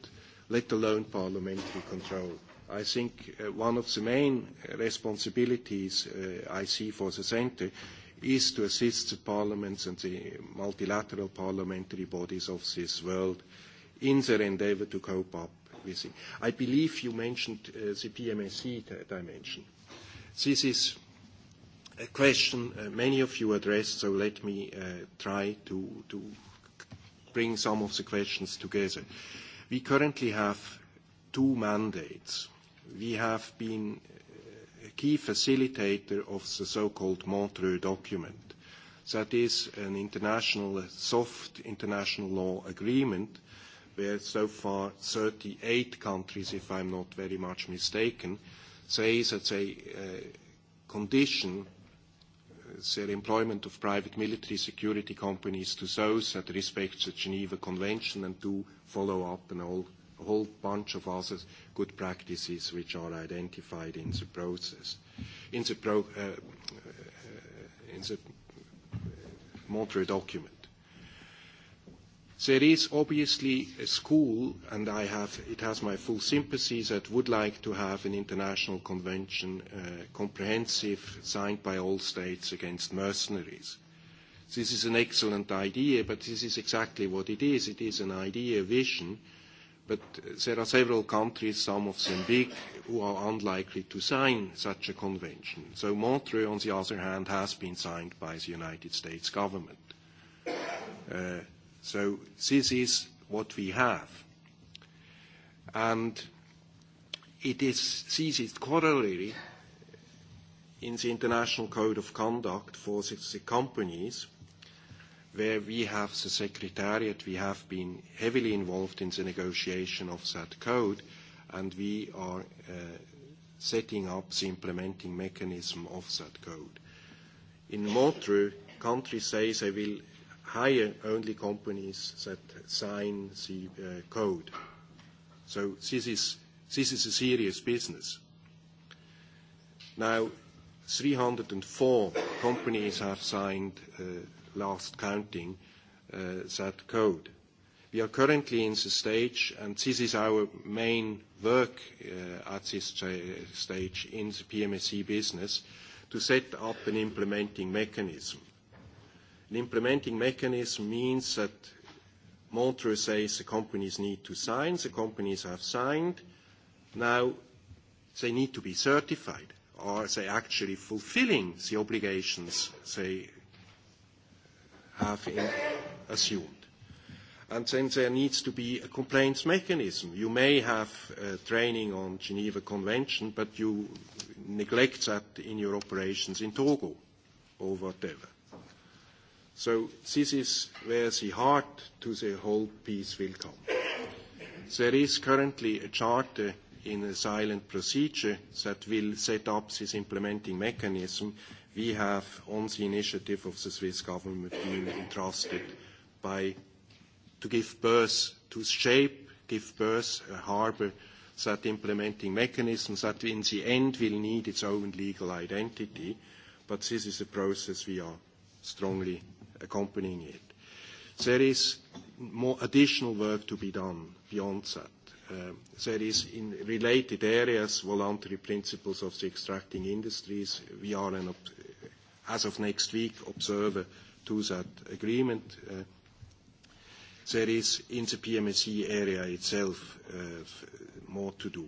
let alone parliamentary control. I think one of the main responsibilities I see for the Centre is to assist the parliaments and the multilateral parliamentary bodies of this world in their endeavour to cope up with it. I believe you mentioned the PMSE dimension. This is a question many of you addressed, so let me try to bring some of the questions together. We currently have two mandates we have been a key facilitator of the so-called Montreux document. That is an international, soft international law agreement where so far 38 countries, if I'm not very much mistaken, say that they condition their employment of private military security companies to those that respect the Geneva Convention and do follow up on all a whole bunch of other good practices which are identified in the process. In the, pro, in the Montreux document. There is obviously a school, and I have, it has my full sympathy, that would like to have an international convention, comprehensive, signed by all states against mercenaries. This is an excellent idea, but this is exactly what it is. It is an idea, a vision, But there are several countries, some of them big, who are unlikely to sign such a convention. So Montreux, on the other hand, has been signed by the United States government. Uh, so this is what we have. And it is this is corollary in the International Code of Conduct for the, the companies – where we have the Secretariat, we have been heavily involved in the negotiation of that code, and we are setting up the implementing mechanism of that code. In motor, countries say they will hire only companies that sign the code. So this is this is a serious business. Now, 304 companies have signed last counting that code. We are currently in the stage, and this is our main work at this stage in the PMSE business, to set up an implementing mechanism. An implementing mechanism means that Montreux says the companies need to sign, the companies have signed. Now, they need to be certified. Are they actually fulfilling the obligations they have assumed. And then there needs to be a complaints mechanism. You may have uh, training on Geneva Convention, but you neglect that in your operations in Togo or whatever. So this is where the heart to the whole piece will come. There is currently a charter in a silent procedure that will set up this implementing mechanism we have, on the initiative of the Swiss government, been entrusted by to give birth, to shape, give birth, a harbour that implementing mechanisms that in the end will need its own legal identity. But this is a process we are strongly accompanying it. There is more additional work to be done beyond that. There is in related areas, voluntary principles of the extracting industries. We are an as of next week, observer to that agreement. There is, in the PMSE area itself, more to do.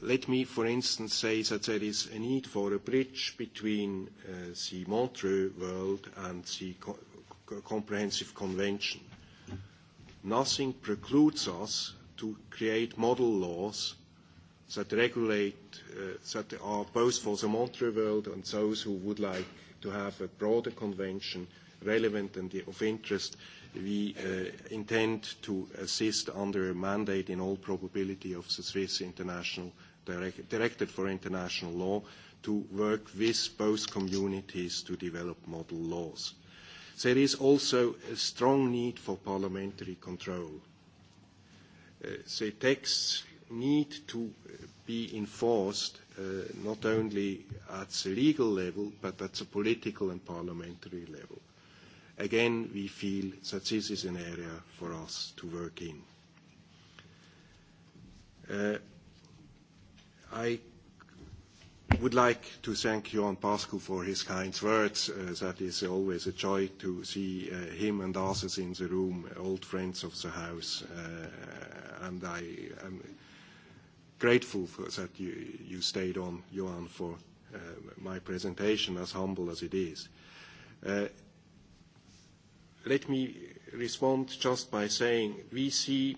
Let me, for instance, say that there is a need for a bridge between the Montreux world and the comprehensive convention. Nothing precludes us to create model laws that regulate, that are both for the Montreux world and those who would like to have a broader convention relevant and of interest. We intend to assist under a mandate in all probability of the Swiss International Directorate for International Law to work with both communities to develop model laws. There is also a strong need for parliamentary control. The texts need to be enforced not only at the legal level, but at the political and parliamentary level. Again, we feel that this is an area for us to work in. I would like to thank Johan Pascu for his kind words. That is always a joy to see him and others in the room, old friends of the house. and I am grateful for that you you stayed on, Johan, for uh my presentation, as humble as it is. Uh Let me respond just by saying we see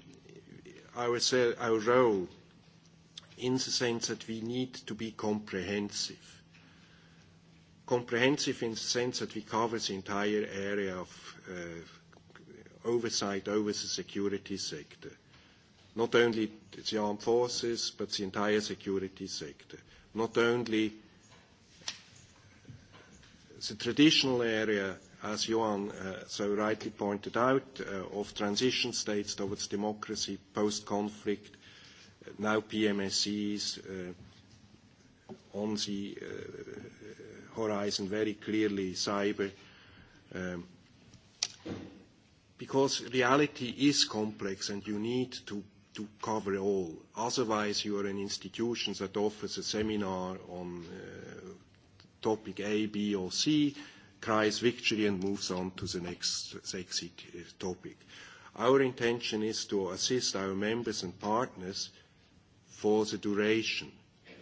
our our role in the sense that we need to be comprehensive. Comprehensive in the sense that we cover the entire area of uh oversight over the security sector not only the armed forces, but the entire security sector, not only the traditional area, as Johan so rightly pointed out, of transition states towards democracy, post-conflict, now PMSEs on the horizon, very clearly cyber. Because reality is complex, and you need to to cover all. Otherwise, you are an institution that offers a seminar on topic A, B, or C, cries victory, and moves on to the next sexy topic. Our intention is to assist our members and partners for the duration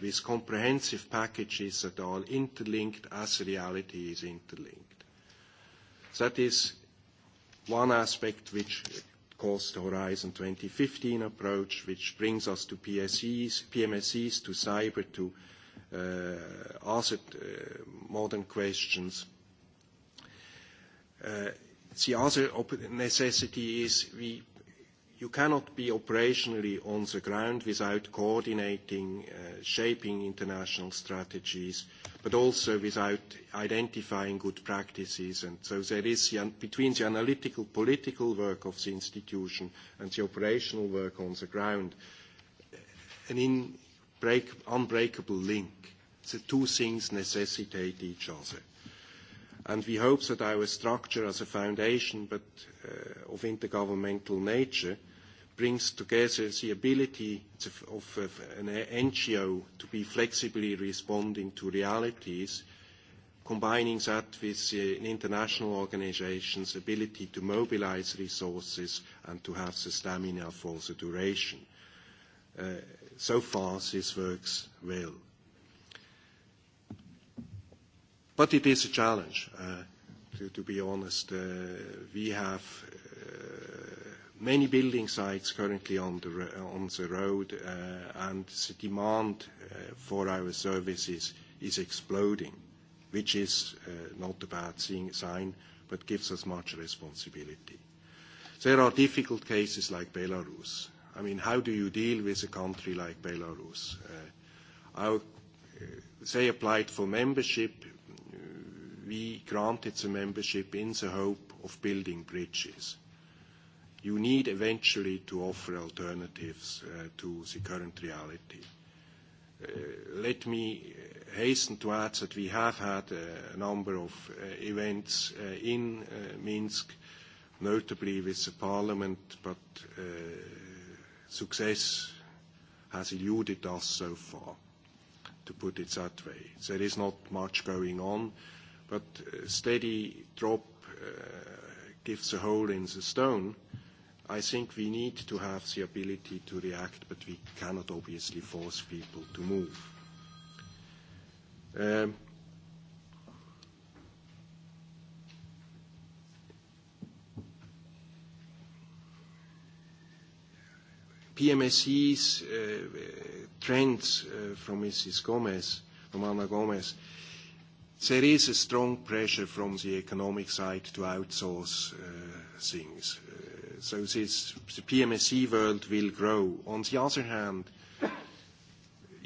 with comprehensive packages that are interlinked as reality is interlinked. That is one aspect which calls the Horizon 2015 approach, which brings us to PSEs, PMSEs, to cyber, to uh, other uh, modern questions. Uh, the other necessity is we you cannot be operationally on the ground without coordinating, shaping international strategies, but also without identifying good practices. And so there is between the analytical, political work of the institution and the operational work on the ground, an unbreakable link. The two things necessitate each other and we hope that our structure as a foundation, but of intergovernmental nature, brings together the ability of an NGO to be flexibly responding to realities, combining that with an international organization's ability to mobilize resources and to have the stamina for the duration. So far, this works well. But it is a challenge, uh, to, to be honest. Uh, we have uh, many building sites currently on the, on the road, uh, and the demand uh, for our services is exploding, which is uh, not a bad sign, but gives us much responsibility. There are difficult cases like Belarus. I mean, how do you deal with a country like Belarus? Uh, our, they applied for membership we granted the membership in the hope of building bridges. You need eventually to offer alternatives to the current reality. Let me hasten to add that we have had a number of events in Minsk, notably with the parliament, but success has eluded us so far, to put it that way. There is not much going on but a steady drop gives a hole in the stone. I think we need to have the ability to react, but we cannot obviously force people to move. PMSE's trends from Mrs. Gomez, from Ana Gomez, There is a strong pressure from the economic side to outsource things. So this, the PMSE world will grow. On the other hand,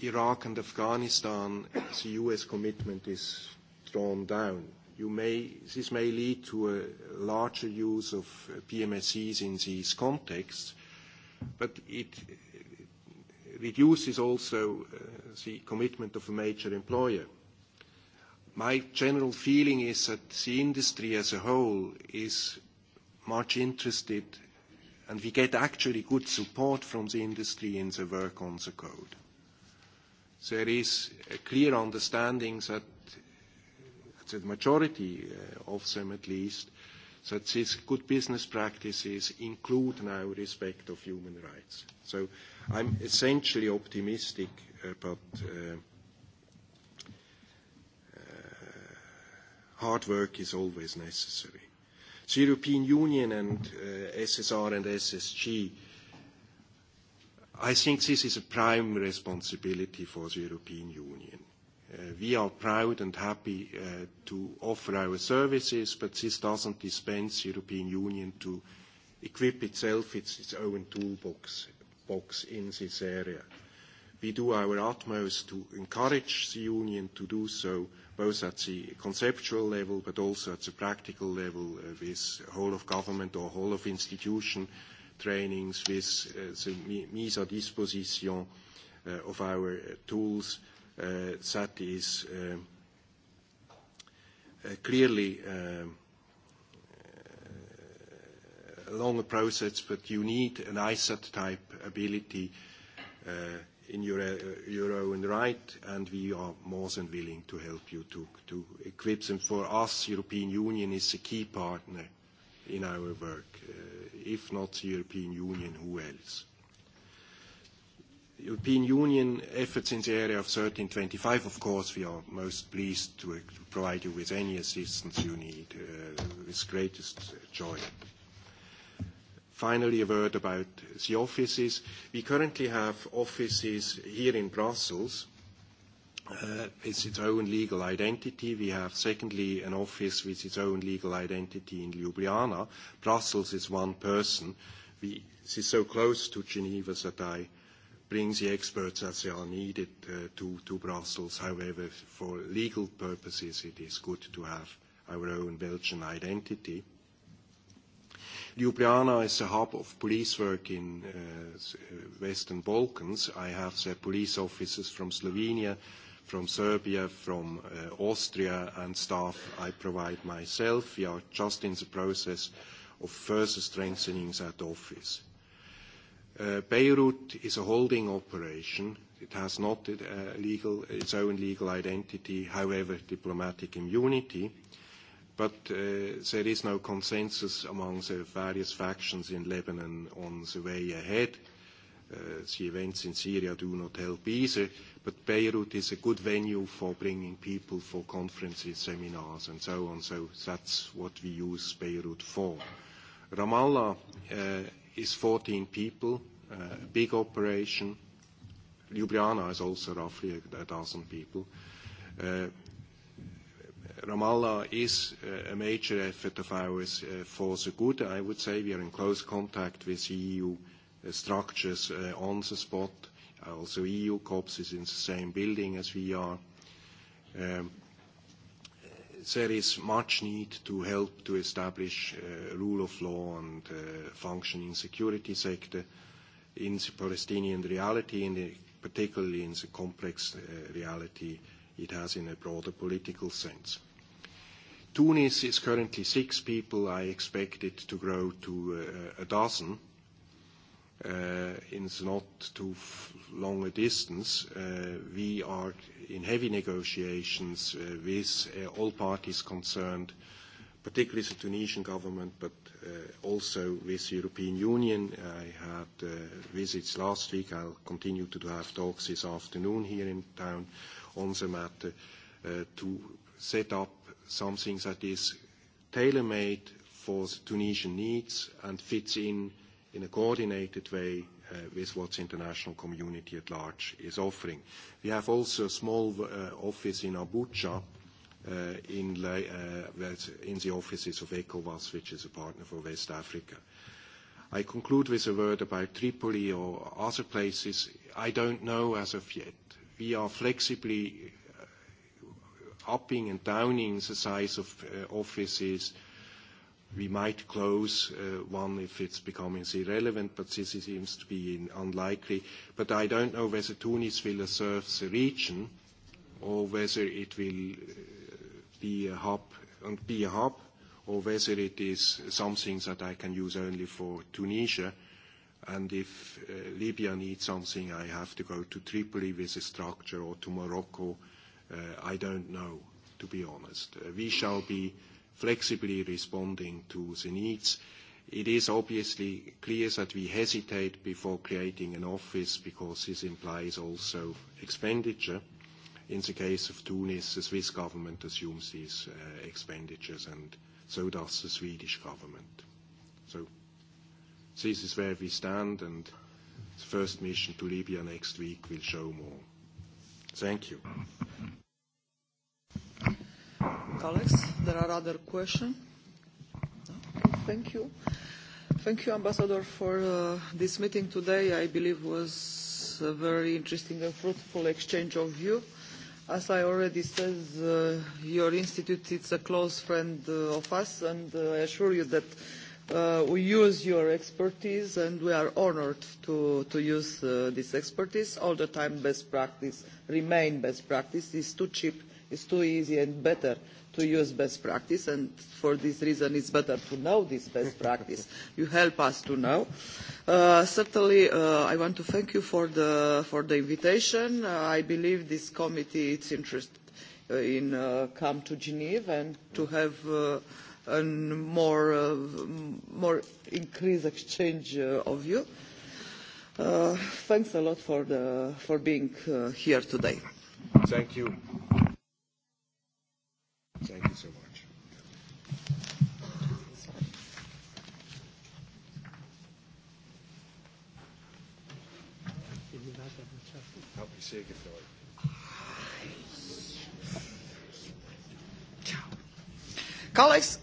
Iraq and Afghanistan, the U.S. commitment is drawn down. This may lead to a larger use of PMSEs in these contexts, but it reduces also the commitment of a major employer my general feeling is that the industry as a whole is much interested, and we get actually good support from the industry in the work on the code. There is a clear understanding that, the majority of them at least, that these good business practices include now respect of human rights. So I'm essentially optimistic, but hard work is always necessary. The European Union and SSR and SSG, I think this is a prime responsibility for the European Union. We are proud and happy to offer our services, but this doesn't dispense the European Union to equip itself with its own toolbox box in this area. We do our utmost to encourage the Union to do so, both at the conceptual level but also at the practical level uh, with whole of government or whole of institution trainings, with uh, the mise à disposition uh, of our tools. Uh, that is uh, uh, clearly uh, a longer process, but you need an ISAT type ability uh, in your, uh, your own right, and we are more than willing to help you to, to equip them. For us, European Union is a key partner in our work. Uh, if not the European Union, who else? European Union efforts in the area of 1325, of course, we are most pleased to, to provide you with any assistance you need uh, with greatest joy. Uh, Finally, a word about the offices. We currently have offices here in Brussels. It's its own legal identity. We have, secondly, an office with its own legal identity in Ljubljana. Brussels is one person. We This is so close to Geneva that I bring the experts as they are needed to Brussels. However, for legal purposes, it is good to have our own Belgian identity. Ljubljana is the hub of police work in uh, Western Balkans. I have the police officers from Slovenia, from Serbia, from uh, Austria, and staff I provide myself. We are just in the process of further strengthening that office. Beirut is a holding operation. It has not its own legal identity, however, diplomatic immunity. But there is no consensus among the various factions in Lebanon on the way ahead. The events in Syria do not help either, but Beirut is a good venue for bringing people for conferences, seminars, and so on. So that's what we use Beirut for. Ramallah is 14 people, a big operation. Ljubljana is also roughly a dozen people. Ramallah is a major effort of ours for the good. I would say we are in close contact with EU structures on the spot. Also, EU COPS is in the same building as we are. There is much need to help to establish rule of law and functioning security sector in the Palestinian reality, and particularly in the complex reality it has in a broader political sense. Tunis is currently six people. I expect it to grow to a dozen in not too long a distance. We are in heavy negotiations with all parties concerned, particularly the Tunisian government, but also with the European Union. I had visits last week. I'll continue to have talks this afternoon here in town on the matter to set up something that is tailor-made for the Tunisian needs and fits in in a coordinated way with what the international community at large is offering. We have also a small uh office in Abuja, in in the offices of ECOWAS, which is a partner for West Africa. I conclude with a word about Tripoli or other places. I don't know as of yet. We are flexibly upping and downing the size of offices. We might close one if it's becoming irrelevant, but this seems to be unlikely. But I don't know whether Tunis will serve the region or whether it will be a hub, be a hub, or whether it is something that I can use only for Tunisia. And if Libya needs something, I have to go to Tripoli with a structure or to Morocco I don't know, to be honest. We shall be flexibly responding to the needs. It is obviously clear that we hesitate before creating an office because this implies also expenditure. In the case of Tunis, the Swiss government assumes these expenditures, and so does the Swedish government. So this is where we stand, and the first mission to Libya next week will show more. Thank you colleagues. There are other questions? Thank you. Thank you, Ambassador, for this meeting today. I believe was a very interesting and fruitful exchange of view. As I already said, your institute is a close friend of us, and I assure you that we use your expertise, and we are honored to, to use this expertise. All the time, best practice remain best practice. It's too cheap, it's too easy, and better to use best practice, and for this reason it's better to know this best practice. You help us to know. Uh, certainly, uh, I want to thank you for the, for the invitation. Uh, I believe this committee, is interested in uh, come to Geneva and to have uh, a more, uh, more increased exchange uh, of you. Uh, thanks a lot for, the, for being uh, here today. Thank you. Thank you so much. Help me say goodbye. Colleagues,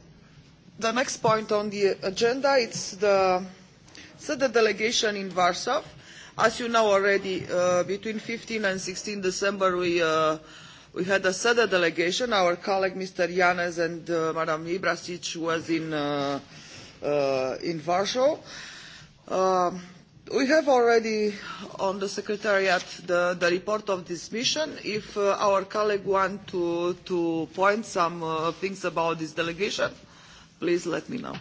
the next point on the agenda is the SEDA delegation in Warsaw. As you know already, uh, between 15 and 16 December, we uh, We had a SEDA delegation. Our colleague, Mr. Yanes and uh, Madam Ibrasic, was in, uh, uh, in Warsaw. Um, we have already on the Secretariat the, the report of this mission. If uh, our colleague wants to, to point some uh, things about this delegation, please let me know.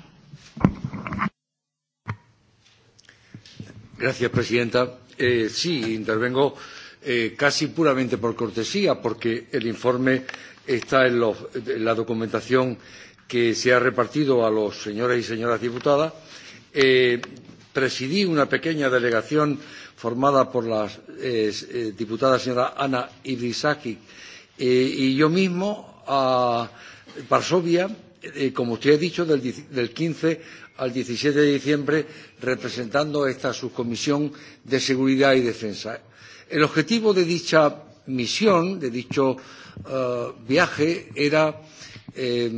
Gracias, Presidenta. Eh, sí, intervengo casi puramente por cortesía, porque el informe está en, la documentación que se ha repartido a los señores y señoras diputadas. presidí una pequeña delegación formada por la diputada señora Ana Ibrisaki y yo mismo a Varsovia, como usted ha dicho, del quince al diecisiete de diciembre, representando esta subcomisión de Seguridad y Defensa El objetivo de dicha misión, de dicho uh, viaje, era eh,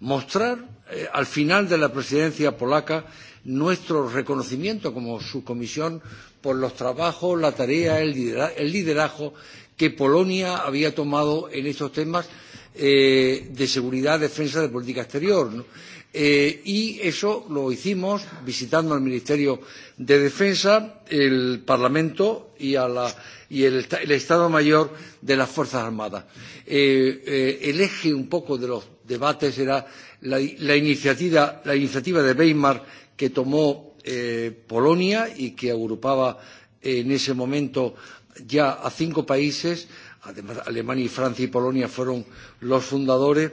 mostrar eh, al final de la presidencia polaca nuestro reconocimiento como su comisión por los trabajos, la tarea, el liderazgo que Polonia había tomado en estos temas eh, de seguridad, defensa, de política exterior. ¿no? Eh, y eso lo hicimos visitando al Ministerio de Defensa, el Parlamento y, a la, y el, el Estado Mayor de las Fuerzas Armadas. Eh, eh, el eje un poco de los debates era la, la, iniciativa, la iniciativa de Weimar que tomó eh, Polonia y que agrupaba en ese momento ya a cinco países, además Alemania, Francia y Polonia fueron los fundadores.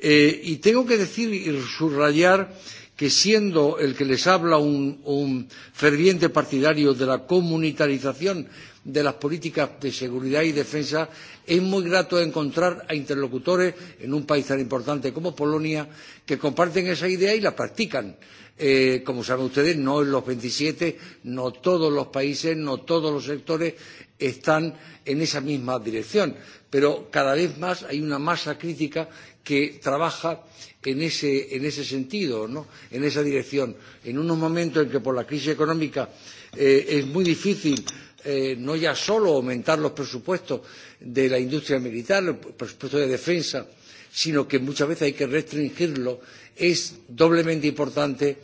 Eh, y tengo que decir y subrayar que siendo el que les habla un, un ferviente partidario de la comunitarización de las políticas de seguridad y defensa, es muy grato encontrar a interlocutores en un país tan importante como Polonia que comparten esa idea y la practican. Eh, como saben ustedes, no en los 27, no todos los países, no todos los sectores están en esa misma dirección, pero cada vez más hay una masa crítica que trabaja en ese, en ese sentido, ¿no? en esa dirección. En unos momentos en que por la crisis económica eh, es muy difícil eh, no ya solo aumentar los presupuestos de la industria militar, los presupuestos de defensa, sino que muchas veces hay que restringirlo, es doblemente importante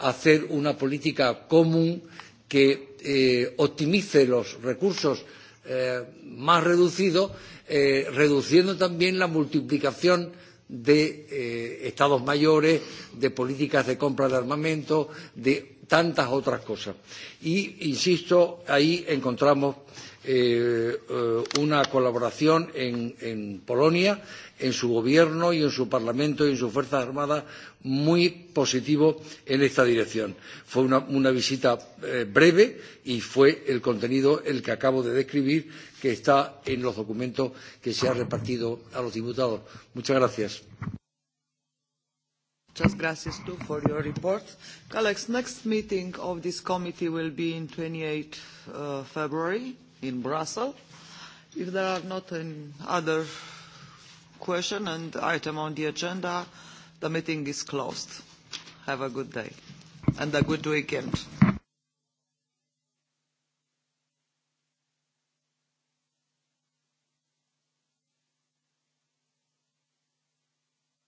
hacer una política común que eh, optimice los recursos eh, más reducidos, eh, reduciendo también la multiplicación de eh, estados mayores, de políticas de compra de armamento, de tantas otras cosas. Y, insisto, ahí encontramos eh, eh, una colaboración en, en Polonia, en su gobierno y en su parlamento y en sus fuerzas armadas muy positivo en esta dirección. Fue una, visita breve y fue el contenido el que acabo de describir que está en los documentos que se han repartido a los diputados. Muchas gracias. Muchas gracias your report. next meeting of this committee will be in 28 uh, February in Brussels. If there are not any other question and item on the agenda. The meeting is closed. Have a good day and a good weekend.